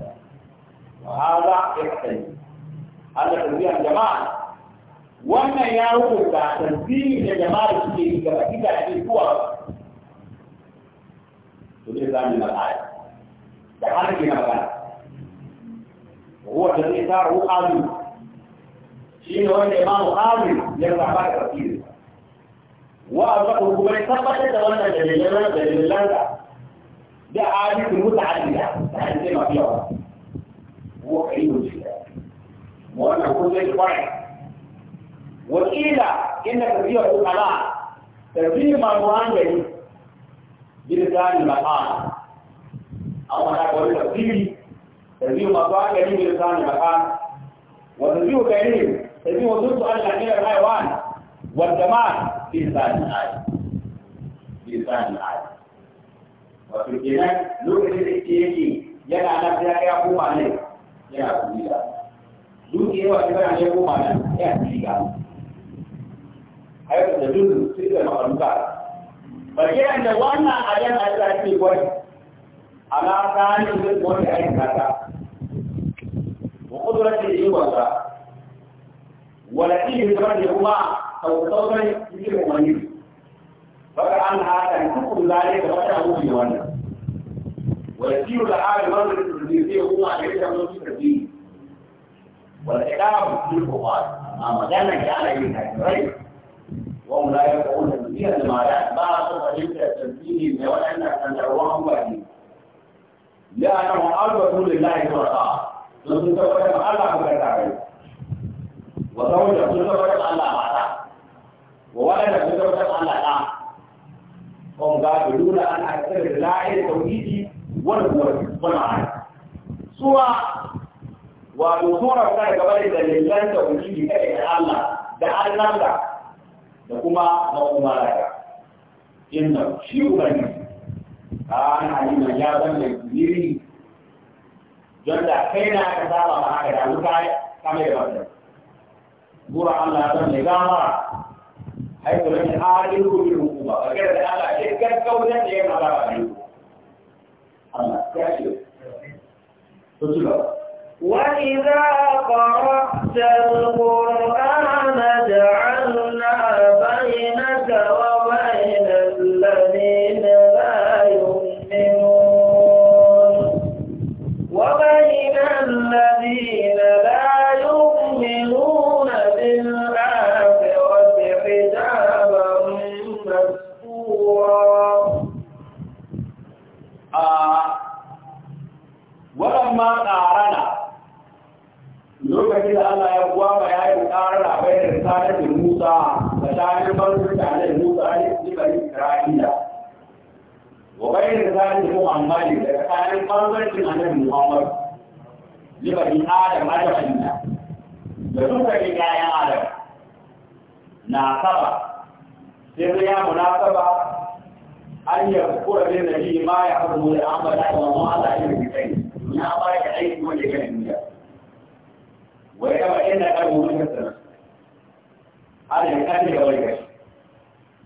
wa hada ihtani Allah tabiyan jama'a wannan ya rubuta tasiri da jama'a suke yi ga bakita da kuwa to zai zami na aya da har ke na magana wa huwa da zai sa ru'alu shi ne wanda imamu azim ya saba da tafsiri wa abu kuma ya tabbatar da wannan dalilan dalilan da da hadisi muta'addida da hadisi mafi yawa wa qayyim shi wannan ko zai kware wa kila inna kabiya ukala tafsir ma mu'anjali bil zani maqam amma da ko tafsiri tafsir ma mu'anjali bil zani maqam wa tafsir kayyim تبي وجود على الحمير الحيوان والجمال في لسان الآية في لسان الآية wato kenan lokacin da ke yake yana nan ya kai koma ne yana kuliga duke yawa ta kana ne koma nan yana kuliga ayyukan da duk sun da makaruka ba kiran da wannan ayan a ta gwai ala kanin da gwai a yin kata wa kudurar yi wasa ولكن يبرهما أو تصور يجيب مهنيه فكأن هذا يكون ذلك وجهه في وانا ويسير لها المنزل الذي هو عليه من الدين والعقاب في الكفار ما مكانك على يدك right وهم لا يفقهون كثيرا لما لا بعض فهمت التنفيذ وأن تنعوهم بعدين لأنهم أربعة لله شركاء لم تتوقع الله بكتابه وزوجة تزوجت على ماتا وولد تزوجت على نا هم قابلون أن أكثر الله التوحيد والقوة والمعاني سوى ودخورة كان قبل دليلان توحيد كأي الله دعال نملا لكما نقوم لك إنه شيء بني كان عليما جابا للكبيرين جدا كينا كتابا معك دعوك كما يبقى gura Allah ta mai gama haifu da halin kuma hukuma a gara da Allah ke gaggauta da ya mara a yau Allah ya ce to ci gaba da قرأت na جعلنا بينك وبين الذين لا يؤمنون sai da Allah ya kuwa ba ya yi ƙarar rabai da tsarin da Musa da tsarin bankin da Allah Musa ya yi bari Isra'ila. Wa bayan da tsarin Muhammad da tsarin bankin Allah Muhammad libari Adam Adam da suka yi ƴaƴan Adam na saba sai ya munasaba an yi kura bin nabi ma ya haɗu da an ba da Allah ya yi kai ya ba ka aiki wanda ya gani ويرى ان ابو مكسر على الاكل والكشف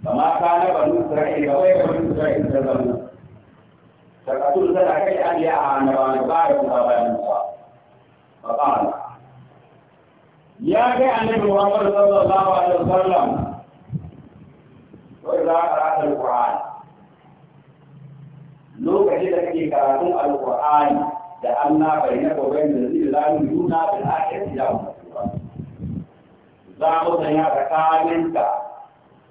فما كان بنو اسرائيل وغير بنو اسرائيل كذبوا فقتل سنة كي ان يعان وانبار وطبعا فقال يا كي ان محمد صلى الله عليه وسلم واذا قرات القران لو كجدك قراءه القران da Allah bai na gobayin da zai zalu yuna da ake tiya za mu sanya tsakaninka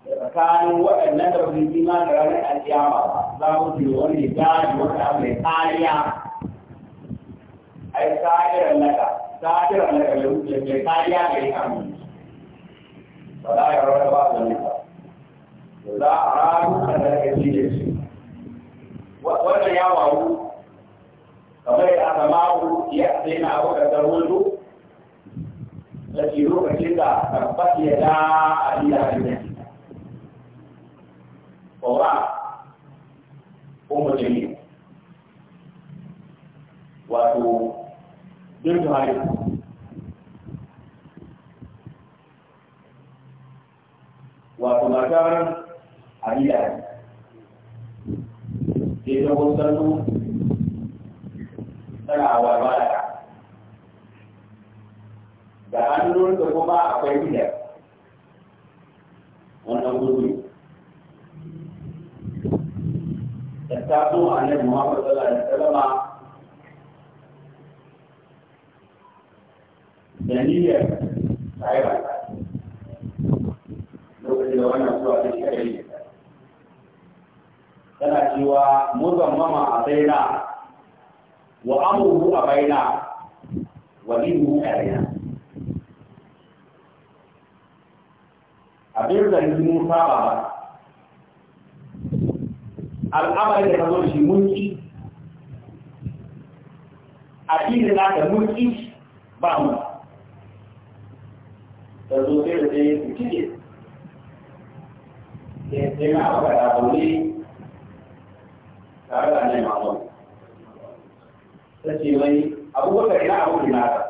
da tsakanin waɗannan da ba su yi ma da ranar alƙiyama ba za mu ji wani gadi wanda mai kariya ai sa'irar naka sa'irar naka da wuce mai kariya ga yi kamun ba za a yi rawar ba da nika za a ramu a da ka ji da shi wannan ya wawu kamar da aka mawu ya sai na abu zarwudu da ke lokacin da tabbat ya da a iya hannun Ƙora, Umu wato, Bintu Harifu, wato matar Hadiya, ke da wasu tana walwala da hannun da kuma akwai biyar wannan gudu da ta so annabi Muhammad sallallahu alaihi wasallam da niyyar tsayar lokacin da wannan suwa ta shi kai tana cewa muzan mama a tsaye na wa amuru a baina walihu dinu alaina abin da yi mun saba ba al'amari da ka zo shi mulki addini na ka mulki ba mu da zo sai da sai mutum ne sai na abu da abu tare da ne masu ta ce mai abubakar ina abu ina ka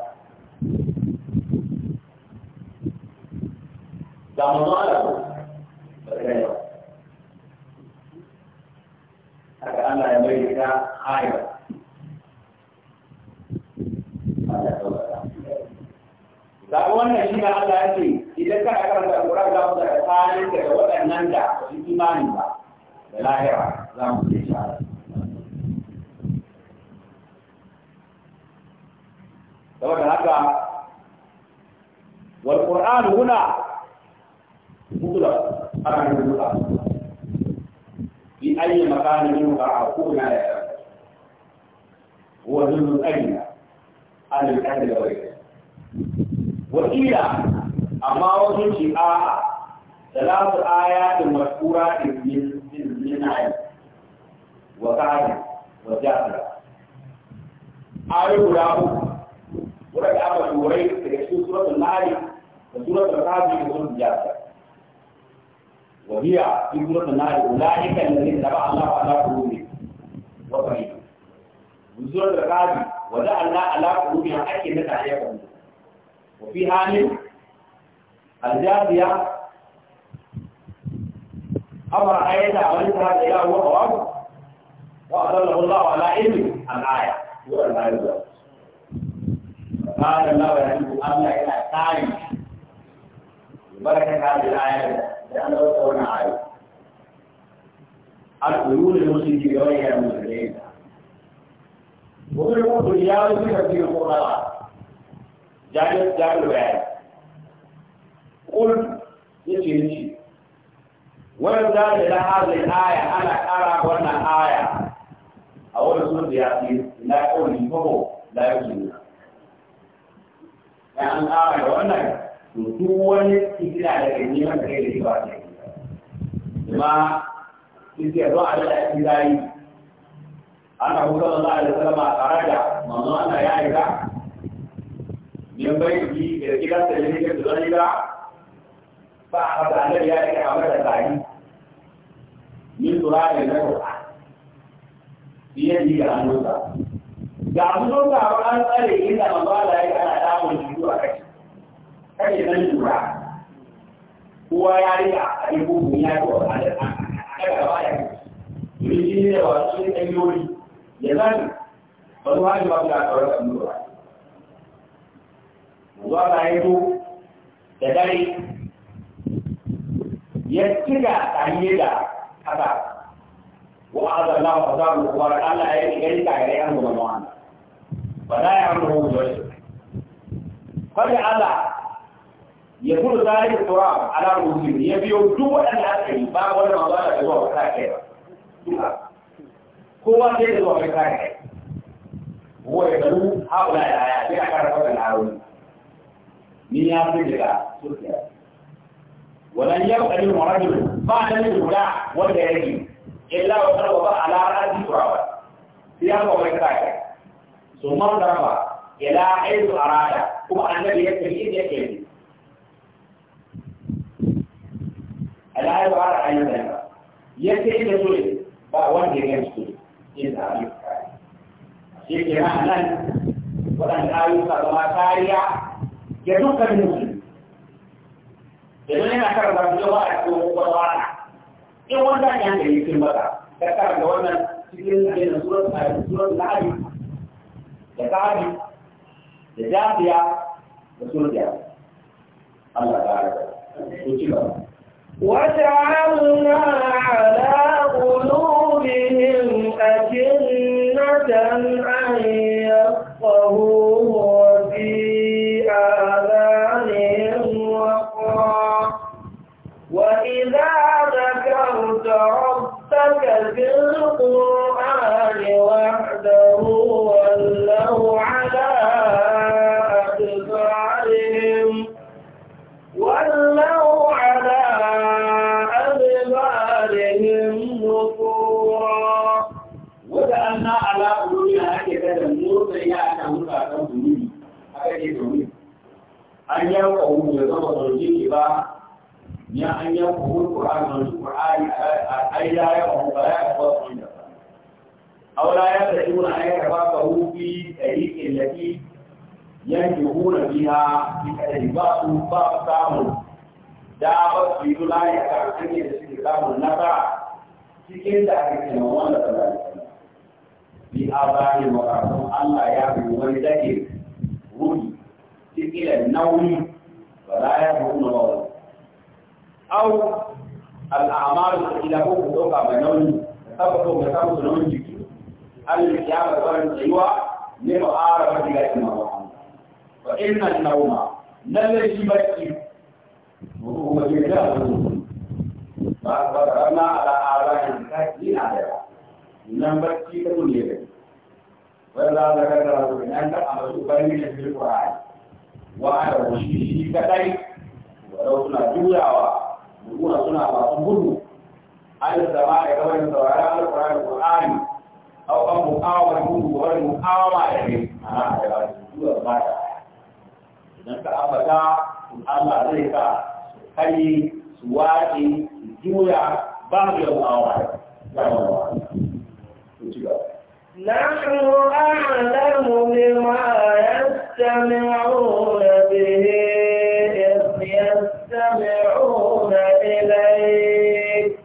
ga mamma ala ba ta gaya ba haka Allah ya mai ta haya Zaɓi wannan shi na Allah ya ce, idan kana karanta Alƙur'an za mu da tsakanin da waɗannan da su imani ba, da lahira za mu ce. والقرآن هنا wal في أي مكان منه عقول هو ذل الأجنة عن الأهل وإلى أما في شيء ثلاث آيات مذكورة من من عين وقعد وجعل آية قرآن ولك أما سوري تكشف سورة النعي وسورة الرعد وسورة الجاسة وهي في سورة النعي أولئك الذين تبع الله على قلوبهم وطريقهم وسورة الرعد وجعلنا على قلوبهم أكيد نتعيبهم وفي هامل الجاثية أمر آية عملتها إلى هو قوام وأضله الله على علم الآية هو الآية قال الله يعلم الله إلى ثاني بركة هذه الآية لأنه تولى آية القيود المسلمين غير المسلمين ومن يقول يا رب في القرآن جاهل جاهل بيان قل يجي ويزال إلى هذه الآية أنا أرى وأنا آية أول سورة ياسين لا يقول هو لا يجوز da an ƙara da wannan to duk wani ikira da ke neman da kai da shi ba ta yi kuma suke da da zai ana kuka da za'a da salama a tare da manzo ana ya aika yin yi da gidansa da yake da zai ga ba a haka annabi ya aika a mata tsari min turare na kuka biyan yi ga hannunsa ga hannunsa ba an tsare inda manzo ana ya aika mutu a kai kai nan lura kowa ya rika a yi bugu ya ko a daga gaba ya kai domin shi ne wa shi ne ɗan ya zan ba zuwa ne ba su da kawar kan lura zuwa na yi da dare ya cika tsaye da haka وأعد الله أصابه وقال ألا يجريك عليه أنه ممعان فلا يعمله وجهه فجعل يكون ذلك التراب على رؤوسهم يبيو دو ان اكل با ولا ما ضاع دو كاكه هو ده دو كاكه هو يدلو هؤلاء الايات دي اكرر العاون من يعمل كده ولن يبقى منهم رجل بعد من الهدى ولا يجي الا وقد وضع على راس ترابا سياق وكاكه ثم ضرب الى حيث اراد kuma annabi ya tafi inda yake yi alaya ba a ayyuka ba ya ce inda so ba wanda ya gani so in da ayyuka shi ke nan nan waɗanda ayyuka zama kariya ga dukkan musulmi idan yana karanta su yawa a cikin kwakwalwa in wanda ne hankali cikin mata ka karanta wannan cikin da surat al-surat al-ali da ta'adi da jafiya da soja Allah ya rada ku وجعلنا على قلوبهم أجنة أن يفقهوه وفي آذانهم وقرا وإذا ذكرت ربك في القرآن وحده ولوا على yankahu bai zama sauke ke ba ya an yi yankahu Qur'an man su Qur'ani ai ya yankahu ba ya ba su da aula ya da ibn ayyaka ba ka hufi tariqin lati yankihuna biha bi kadari ba su ba su samu da ba su yi tunani a kan hanyar da suke samun nasara cikin da ake kenan wanda ta zalika bi a bayan makafin Allah ya fi wani dake wuri ثقل النوم فلا يهون وضع أو الأعمال الثقيلة هو بدوكا بنوم تبقى مسامة نوم جيكي القيامة ورن سيوا نمو آرى فتيات المرحمة وإن النوم نلجي بكي وهو مجيزة فأخبرنا على آراء الكاتبين عليها من بكي تقول يبكي ولا ذكرت رسول أنت أمسوا بني في القرآن wa'ada da shi shi kadai wadau suna juyawa dukuna suna masu gudu an zama da gabar da saurara an kura da qur'ani aw an muqawama gudu wa an muqawama da ne ana da ba su ba da idan ka ambata Allah zai ka kai su su juya ba da muqawama da ba da ci gaba نحن أعلم بما يستمعون به إذ يستمعون إليك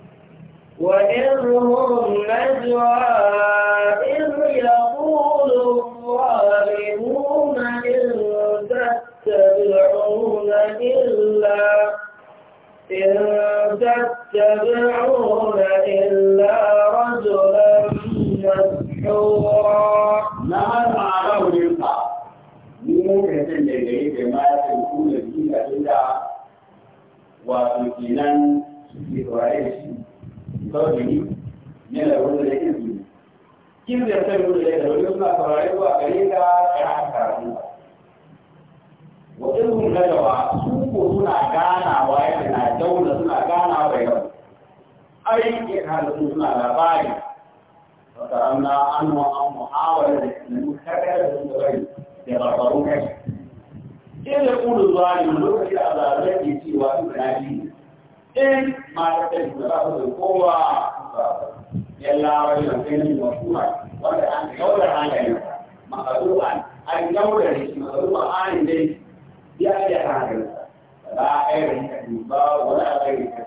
نجوى إذ يقول الظالمون إن تتبعون إلا إن تتبعون إلا kyauwa na hannun arahunin ka ni mutane da ya gari da mayakin kuna da inda kenan suke tsoraye da shi da ni ne da wanda ya ke zuwa kin da ta yi da ya da suna tsoraye zuwa gare ka ya haka karatu ba wajen hulɗa da wa su ko suna ganawa yadda suna ganawa yau ai ke kanta suna labari وترمنا عنه عن محاولة المكتبة للغير يغفرون إذ يقول الظالم على ذلك سوى ابن إن ما تتجد له القوة يلا رجل بين مشهورا وأن يولى عن مقدورا أن يولى مقدورا عن ذلك يأتي عن ذلك لا خير في ولا غير كثير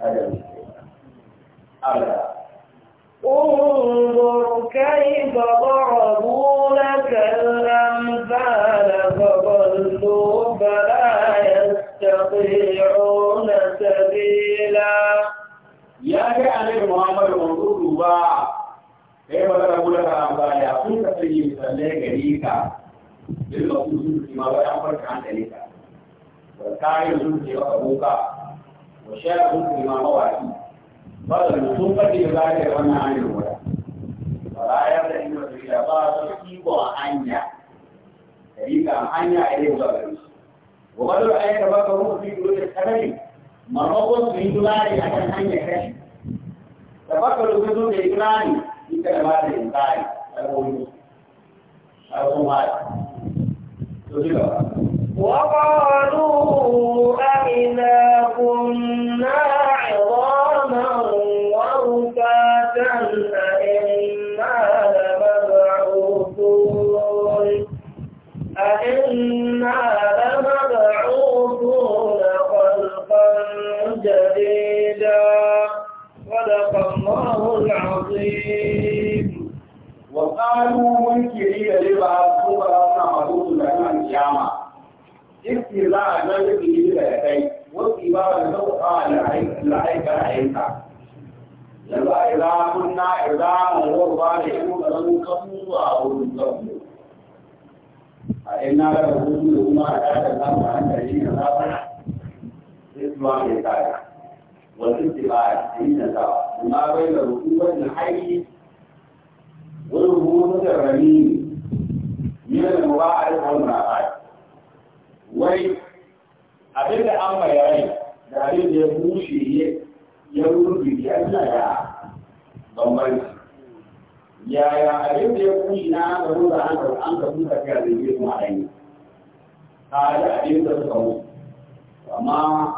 هذا المشكلة انظر كيف ضربوا لك الأمثال فضلوا فلا يستطيعون سبيلا يا كأنك محمد منظور دوبا كيف ضربوا لك الأمثال يا كنت في مثالي كريكا للمقصود فيما لا يعبر عن ذلك وكان يزول في وقبوك وشاء فيما مواكيك barin sun faɗi da za ka yi wannan hanyar wuta ba za a yarda in wata gida ba su fi iko a hanya da rika hanya a yau ba gari wa badar ayyar da ba ka rufe fi dole da sarari marmakon su yi dulari a kan hanyar kashi da ba ka rufe zo da yi dulari ita da ba da yin tsari a rauni a sun hada to ji gaba وقالوا أئذا كنا جديدا صدق الله العظيم وقالوا منكرين لما أصبح لنا حدود لنا القيامة استيلاء ذلك لليدين واتباع الزوقة لعيك لعيك لما إذا كنا عظاما وربانهم فلم كفوا أو كفوا فإنا لنقول لهم أتاك الله عن كريم الله اسمع الحكاية والاتباع حين سواء ما بين ركوب الحي والهبوط الرميم من المباعد والمنافعات wai abin da an bayanai da abin da ya bushe ya rubi yana da bambanci yaya abin da ya bushe na an gano da an gano an gano tafiya da ya kuma aini ta da abin da suka mutu amma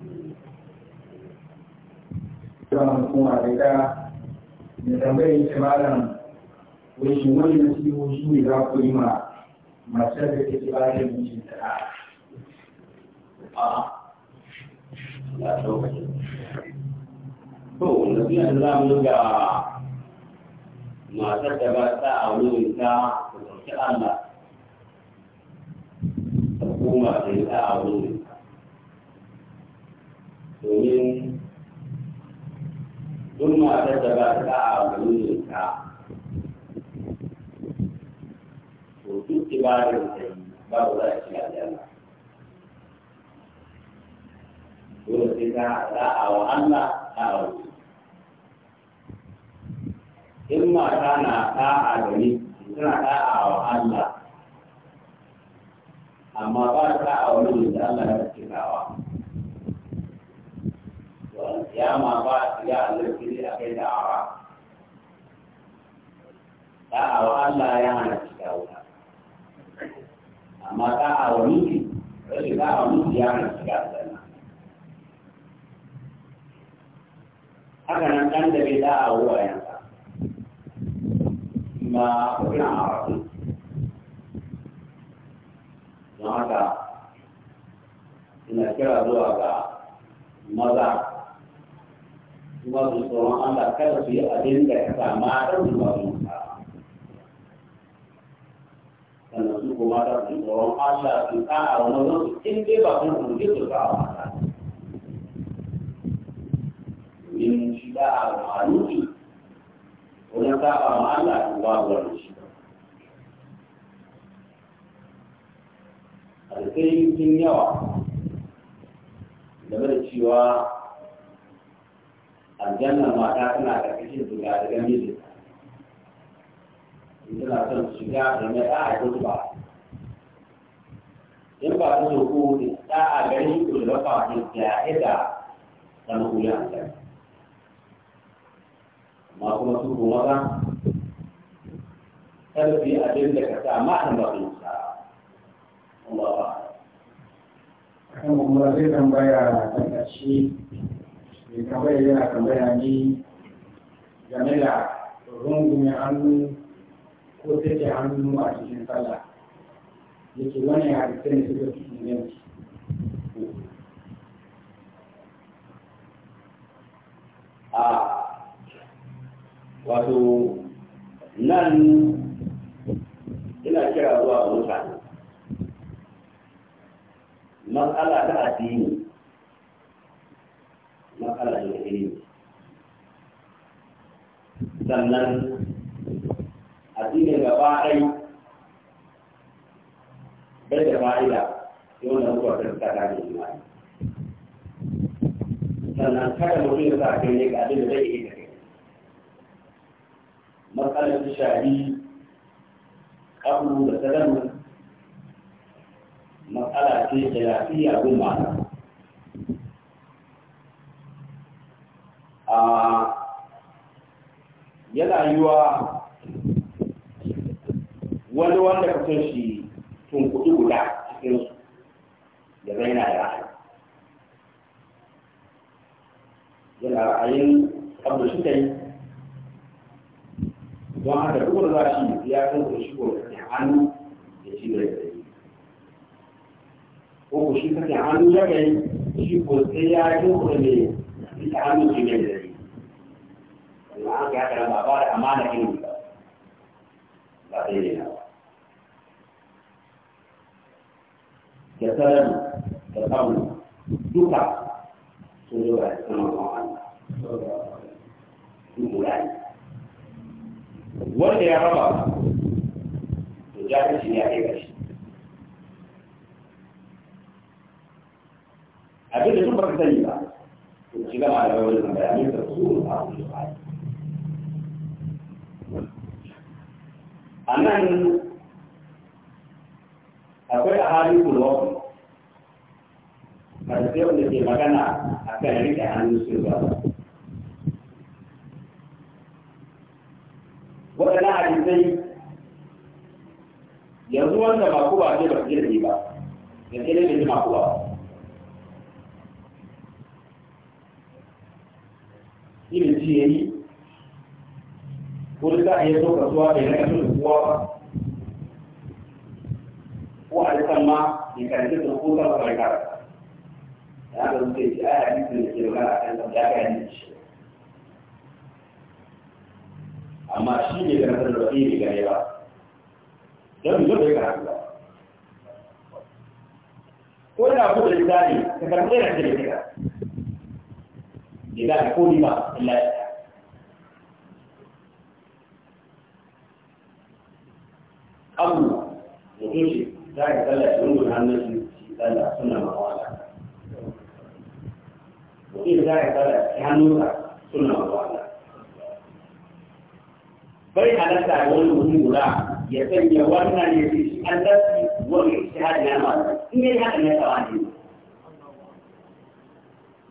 zama hukuma da ɗaya da tambayin ce malam wai shi wani na ciwo shi ne za ku yi ma masu da take ba da mijin ta a a lokacin to nasiha da za mu ga matar da ba ta a wurin ta ku ɗauki Allah hukuma da ta a wurin domin duk matar da ba ta a wurin ka to duk ibarin ta yi babu za a ci aljanna dole sai ta za a wa Allah ta a wurin in mata na ta'a da ni tana ta'a wa Allah amma ba ta'a wa mijin da Allah ya cikawa يا ما بات يا الذي أكيد أعرف دعوة الله يا أنا تشكاوها أما دعوة نيتي رجل دعوة نيتي يا أنا تشكاوها haka nan ɗan da bai za a wuwa ما ma kuna a wasu don haka ina kira zuwa ga kuma su tsoron Allah kada su yi abin da ya sa matan su ba su ta sannan su kuma ta su tsoron Allah su ta a wani wasu in dai ba sun kurje su ta a mata domin shi ta a ma'anuki wajen ta a ma'ala su ba wani shi alkai sun yawa game da cewa aljanna mata tana karkashin duga daga mijin in tana son shiga da mai ɗa'a ko ba in ba ta ko ne ɗa'a gari ko da lafa ne ya ida da mahula a can amma kuma su ko maza kada su yi abin da ka sa ma'an ba su sa Allah ba. Kan kuma zai tambaya ta ƙarshe mai tambaya yana tambaya ne game da rungume hannu ko take hannu a cikin sallah yake wani hadisai ne suka fi inganci a wato nan ina kira zuwa mutane matsala ta addini matsala da ilimi sannan addinin gaba ɗai bai da fa'ida yau da zuwa da ta kare imani sannan kada kita akan lihat ada ne ga abin da zai iya kai matsalar ta shari da matsala ce yana yiwa wani wanda ka san shi tun kuɗi guda cikin su ya zai yana da ra'ayi yana ra'ayin abu shi kai don haka duk wanda za shi ya san ku shi ko kake hannu ya ci da yi ko ku shi kake hannu ya kai shi ko sai ya yi ko ne ya hannu shi ne da in an kai haka ba ba da amana ilimi ba ba sai ne na ba duka sun zo da sanar da Allah sun kula ne wanda ya raba to jahilci ne a kai gashi abin da sun barka sani ba to shiga a nan akwai a hali halin kulofi karfe wanda ke magana a kan rike hannun shirwa waɗannan hadisai yanzu wanda ba kuwa ce ba su ba da ke ne da kuwa irin ci yayi za a iya so kasuwa bai na kasu da kowa ba ko a lisan ma in karfi da ko kan kare kare ya ga mutum ya yi hadisi da ke magana kan da ya kai ne shi amma shi ne da nasar da ne gare ba don mu zai ga ba ko da ku da lisani ka karɓi da ke da ke da da ko ni ba illa abu mutum shi za ka kalla shi rungun hannun shi shi kalla suna mawala mutum za ka kalla shi hannunsa suna mawala bai halatta a wani mutum guda ya sanya wannan ya ce shi an dafi wani shi hadi na masu in yi haka ne tsawa ne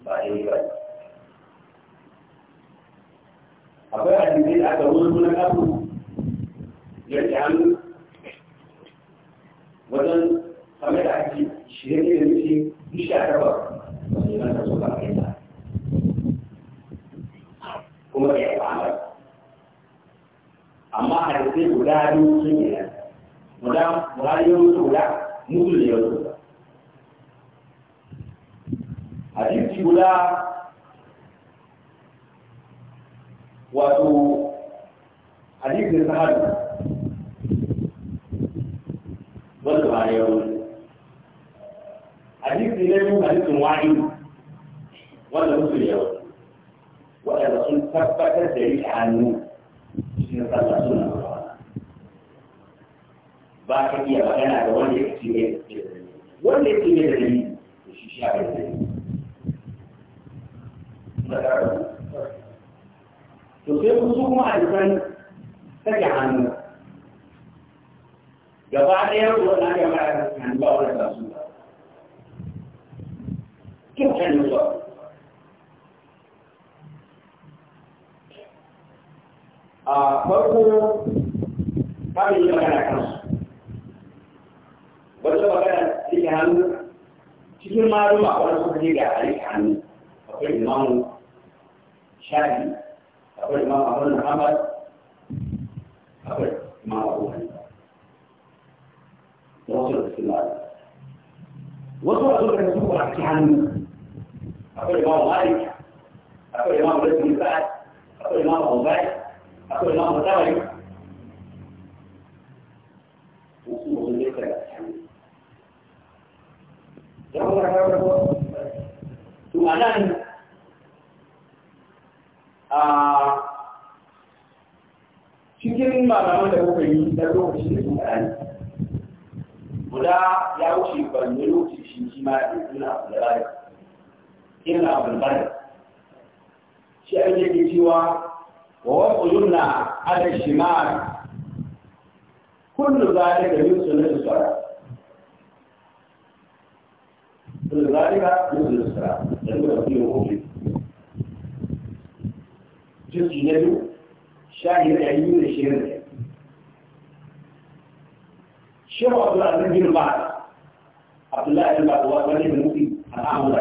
ba yi ba akwai hadisi da aka wani na kafu ya ce hannu wajen kamar da ake shirye da nufi bisha raba wasu yana da zuwa kai ta kuma ya fara amma a da sai guda biyu sun yi nan guda buhari yau mutu guda mutu da yau guda hadisi guda wato hadisin sahadu wanda ba ya yi hadisi ne mun hadisin wa'i wanda musu ya yi waɗanda sun tabbatar da yi a hannu cikin sallah suna ba ka iya magana da wanda ya ci ne wanda ya ci ne da dalili to shi shi abin da yi to sai su kuma a jikin sake hannu gaba ɗaya ruwan na gaba da hannu ba wani ba su kin hannu ba a farko kafin yi magana kansu wata magana cikin hannu cikin maru maluma wani suka ce ga alika hannu akwai imamu shafi akwai imamu abu muhammad akwai imamu abu hannu da wasu da cikin lafiya wasu da suka rasu a cikin hannu akwai imamu malik akwai imamu da cikin sa'ad akwai imamu abubai akwai imamu tabari wasu wasu ne kada a cikin hannu da kuma rasu tunanin a cikin malaman da kuka yi na lokacin da kuka yi guda ya wuce banne lokaci shi shi ma ya ɗauki na abu da rayar ina abu da shi an yake cewa wa wasu yunna ala shimar kullu zalika min sunnati sara kullu zalika min sunnati sara da kuma fi hukunci jinsi na biyu yi yayin da shirin da shehu abdulaziz bin ba'ad abdullahi bin ba'ad wani bin mutum al'amura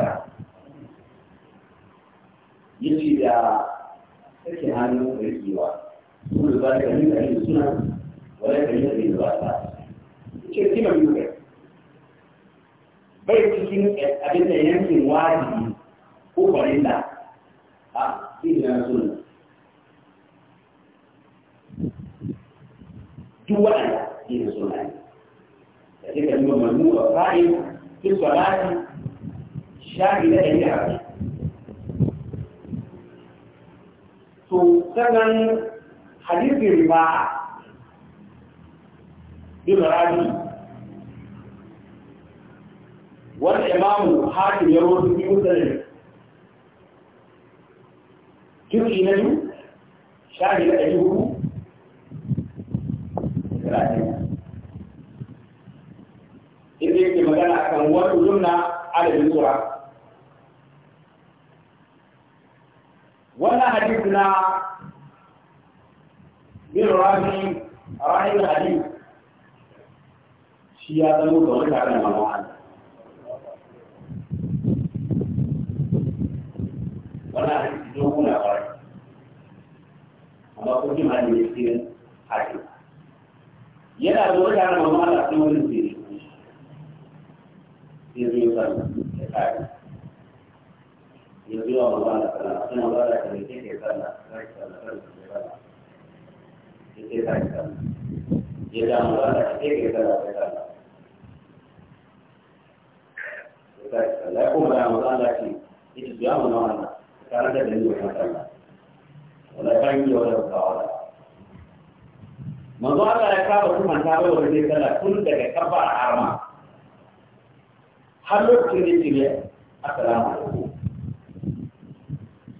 ya ce da take hannun rikewa sun da ba ka yi da yin suna wani ka yi da yin zuwa ta ce kima biyu kai cikin abin da yankin wajibi ko farilla a cikin suna duk waɗanda تلك اليوم مجموع قائم في الصلاة شاهدة إليها سنن حديث الربا بالرادي والإمام حاكم يروي في مسلم جزء نجم شاهد أجوه ثلاثين da yake magana akan wani jumna adadin tsura wannan hadis na bin rabi rahim hadis shi ya zama da wani tare da mamahan wannan hadis don kuna kwarai amma kuma jin hadis ne hadis yana da wani tare da mamahan a cikin wani sai zai sallah ya wa magana sallah da kuma wala Allah ya kuma ta bai wa tun daga kafa arma har lokacin da yake ne assalamu alaikum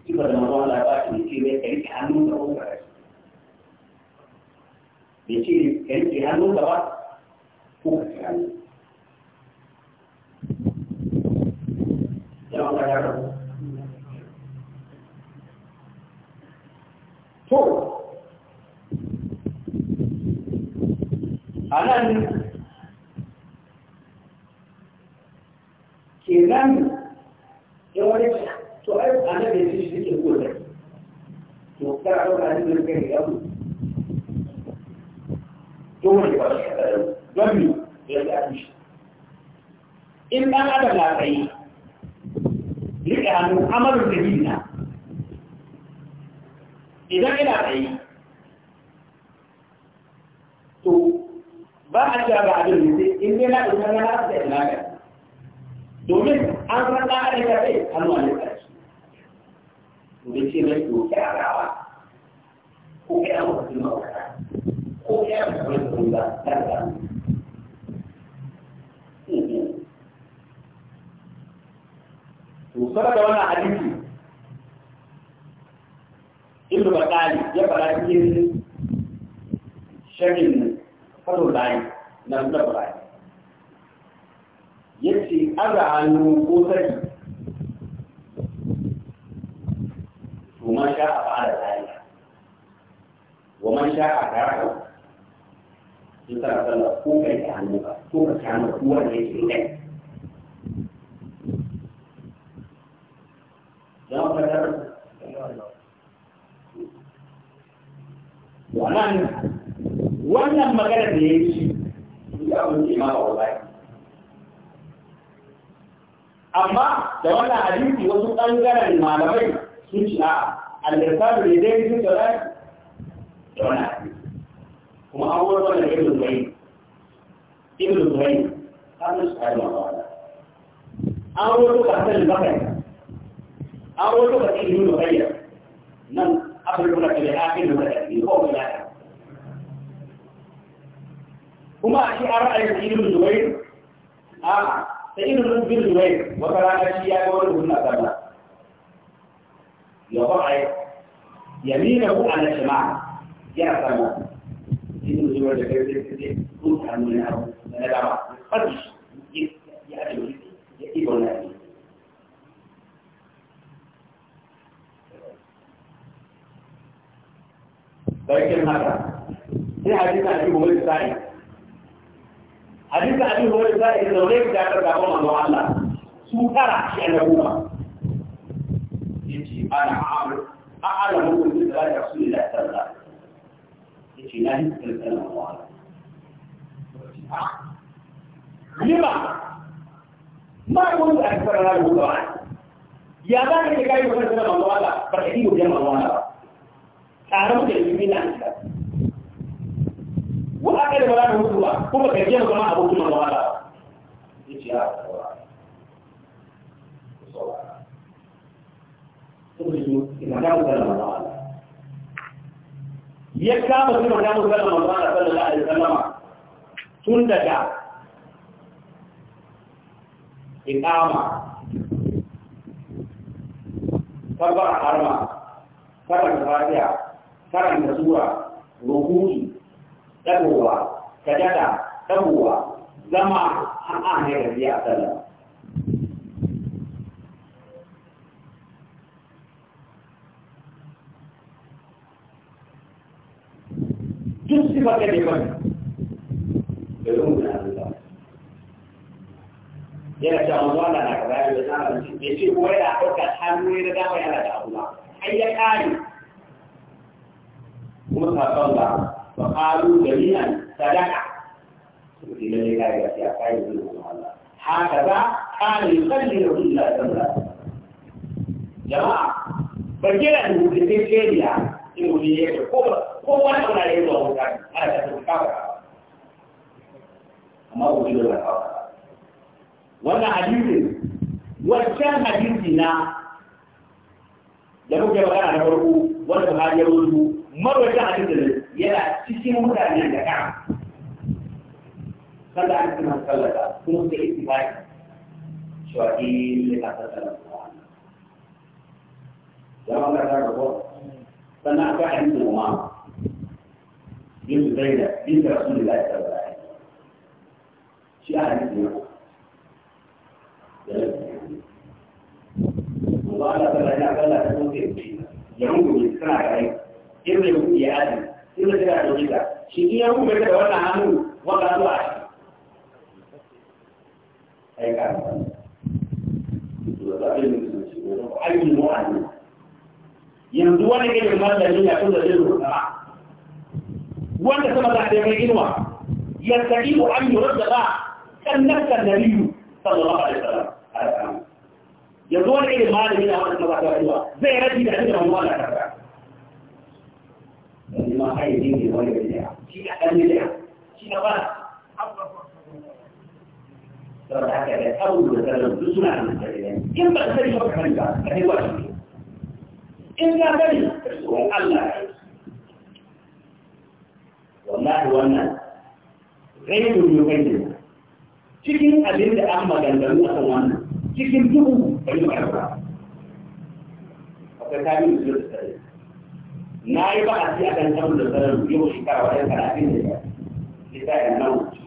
kibar na zuwa labarin da yake ne ka rike hannun da kuma da ce ka rike hannun da ba ko ka ci hannu yawan ka yaro to a nan kenan ya wani to ai ana da shi shi ke kula to kar a wani da kai ya mu to mun ba shi da yau don mi ya ga shi in dan adam na tsaye rike hannu amalin da bin na idan ina tsaye to ba a cewa ba abin da in dai na ɗaukar wani abu da ina gani domin an san ɗan adam ya rai hannu a nuka shi domin ce mai doke a rawa ko kai a mafi mawaka ko kai a mafi mawaka ba ta da to saboda wannan hadisi ibnu bakali ya fara cikin shirin fadul bayi na zuwa bayi aza hannu ko saki to man sha a fa'ala zalika wa man sha a karaka in kana sallah ko kai ka hannu ba ko ka kana kuwa ne ke kai dan fatar wannan wannan magana da yake ya mun imama wallahi amma da wannan hadisi wasu ɓangaren malamai sun ci a al-irsalu ne dai sun tsara da wannan hadisi kuma an wurin wannan ibn Zubayr ibn Zubayr an su kai ma wala an wurin ka san bakai an wurin ka san ibn Zubayr nan abin da kake da akin da kake ko kana kuma a shi an ra'ayin ibn Zubayr a da irin bin zuwai wata rana shi ya ga wani gunna sallah ya ba ai yamina ku ala shima yana sallah irin zuwai da kai sai sai kun ta nuna abu na dama fadi ya ajiye ya ibo na ni barkin haka sai hadisi a cikin wani sa'i hadisi abin hore za a zaune ku da aka gaba manzo Allah su kara shi na goma yace ana amr a ala mutum da ya rasul Allah sallallahu yace na hin kalkala wa Allah lima ma kun da akbar na goma ya za ka kai wannan manzo Allah ba kai mu jama'a Allah tare da yimina ba ka da ba za ka mutu ba kuma ka jiya zama abokin manzo Allah yace ya ya kama su magana magana magana sallallahu alaihi wasallam tun daga iqama kabar harma karanta fatiha karanta sura ruku'i tabowa kadada tabowa zama an an ne da biya sallah duk sifar da ne bane da rumuna Allah yana cewa manzo Allah na kaza ya zama abinci ya ce kuma yana ɗaukar hannu ya dama yana da abu ba ai ya ƙare kuma sakon ba فقالوا جميعا صدق إلى ذلك يا قائد a هكذا كان يصلي رسول الله صلى الله عليه وسلم jama'a bayyana da hukumin keriya ilimi ne ya ko ko wani abu na yin zuwa wuta ana ta tafi kafa amma da ba wannan hadisi wancan hadisi na da muke magana na farko wanda ba ya rubu marwacin hadisi da yana cikin mutanen da ka kada an kuma sallata kuma sai ittifaqi cewa eh sai ka sallata zama ka ta gaba sannan akwai hannun noma yin su zai da yin da rasu da za a yi tsarda ya shi a hannun noma da lalata ba ala tsarda ya tsarda ta kuma sai ya rungu ne suna gare in da ya yi inda kana da wuta shi iya kuma da wannan hannu wannan zuwa shi ai ka ayyukan mu'ani yanzu wani irin mazalin ya tunda zai rubuta wanda sama za a yi mai inuwa يستجيب أن يرد معه كم نفس النبي صلى الله عليه وسلم يقول إيه مال من أمر الله زي ردي بحجة رمضان ما خير ديني ولا بدعة شيء أحسن بدعة شيء غلط ترى هكذا أول ترى بسنا من الجاهلين إن بعد ذلك يروح من بعد هذه واجب إن كان ذلك الله والله وانا غير يبين cikin abin da an maganganu a kan wannan cikin dubu bari mu karɓa akwai kayan da zai na yi ba a ci a kan samun da sanar yau shekara wajen talatin da ya lita ya nan wuce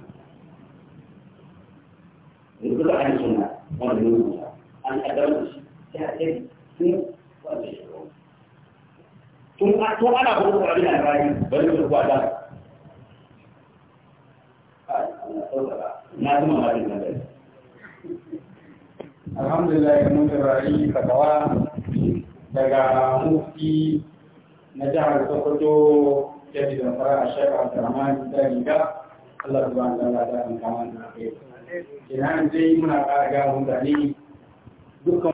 yanzu da an suna wanda ya wuce an kaddar da shi ta ɗaya sun wanda ya wuce tun a tun ana kuma kuma abin da rayu bari da kuwa da na zama ma da nan alhamdulillah mun da rayu fatawa daga mufti na jihar sokoto ya fi zamfara a shaƙa abdurrahman zai riga allah zuwa da allah da an kama da ake kenan dai muna ƙara gano mutane dukkan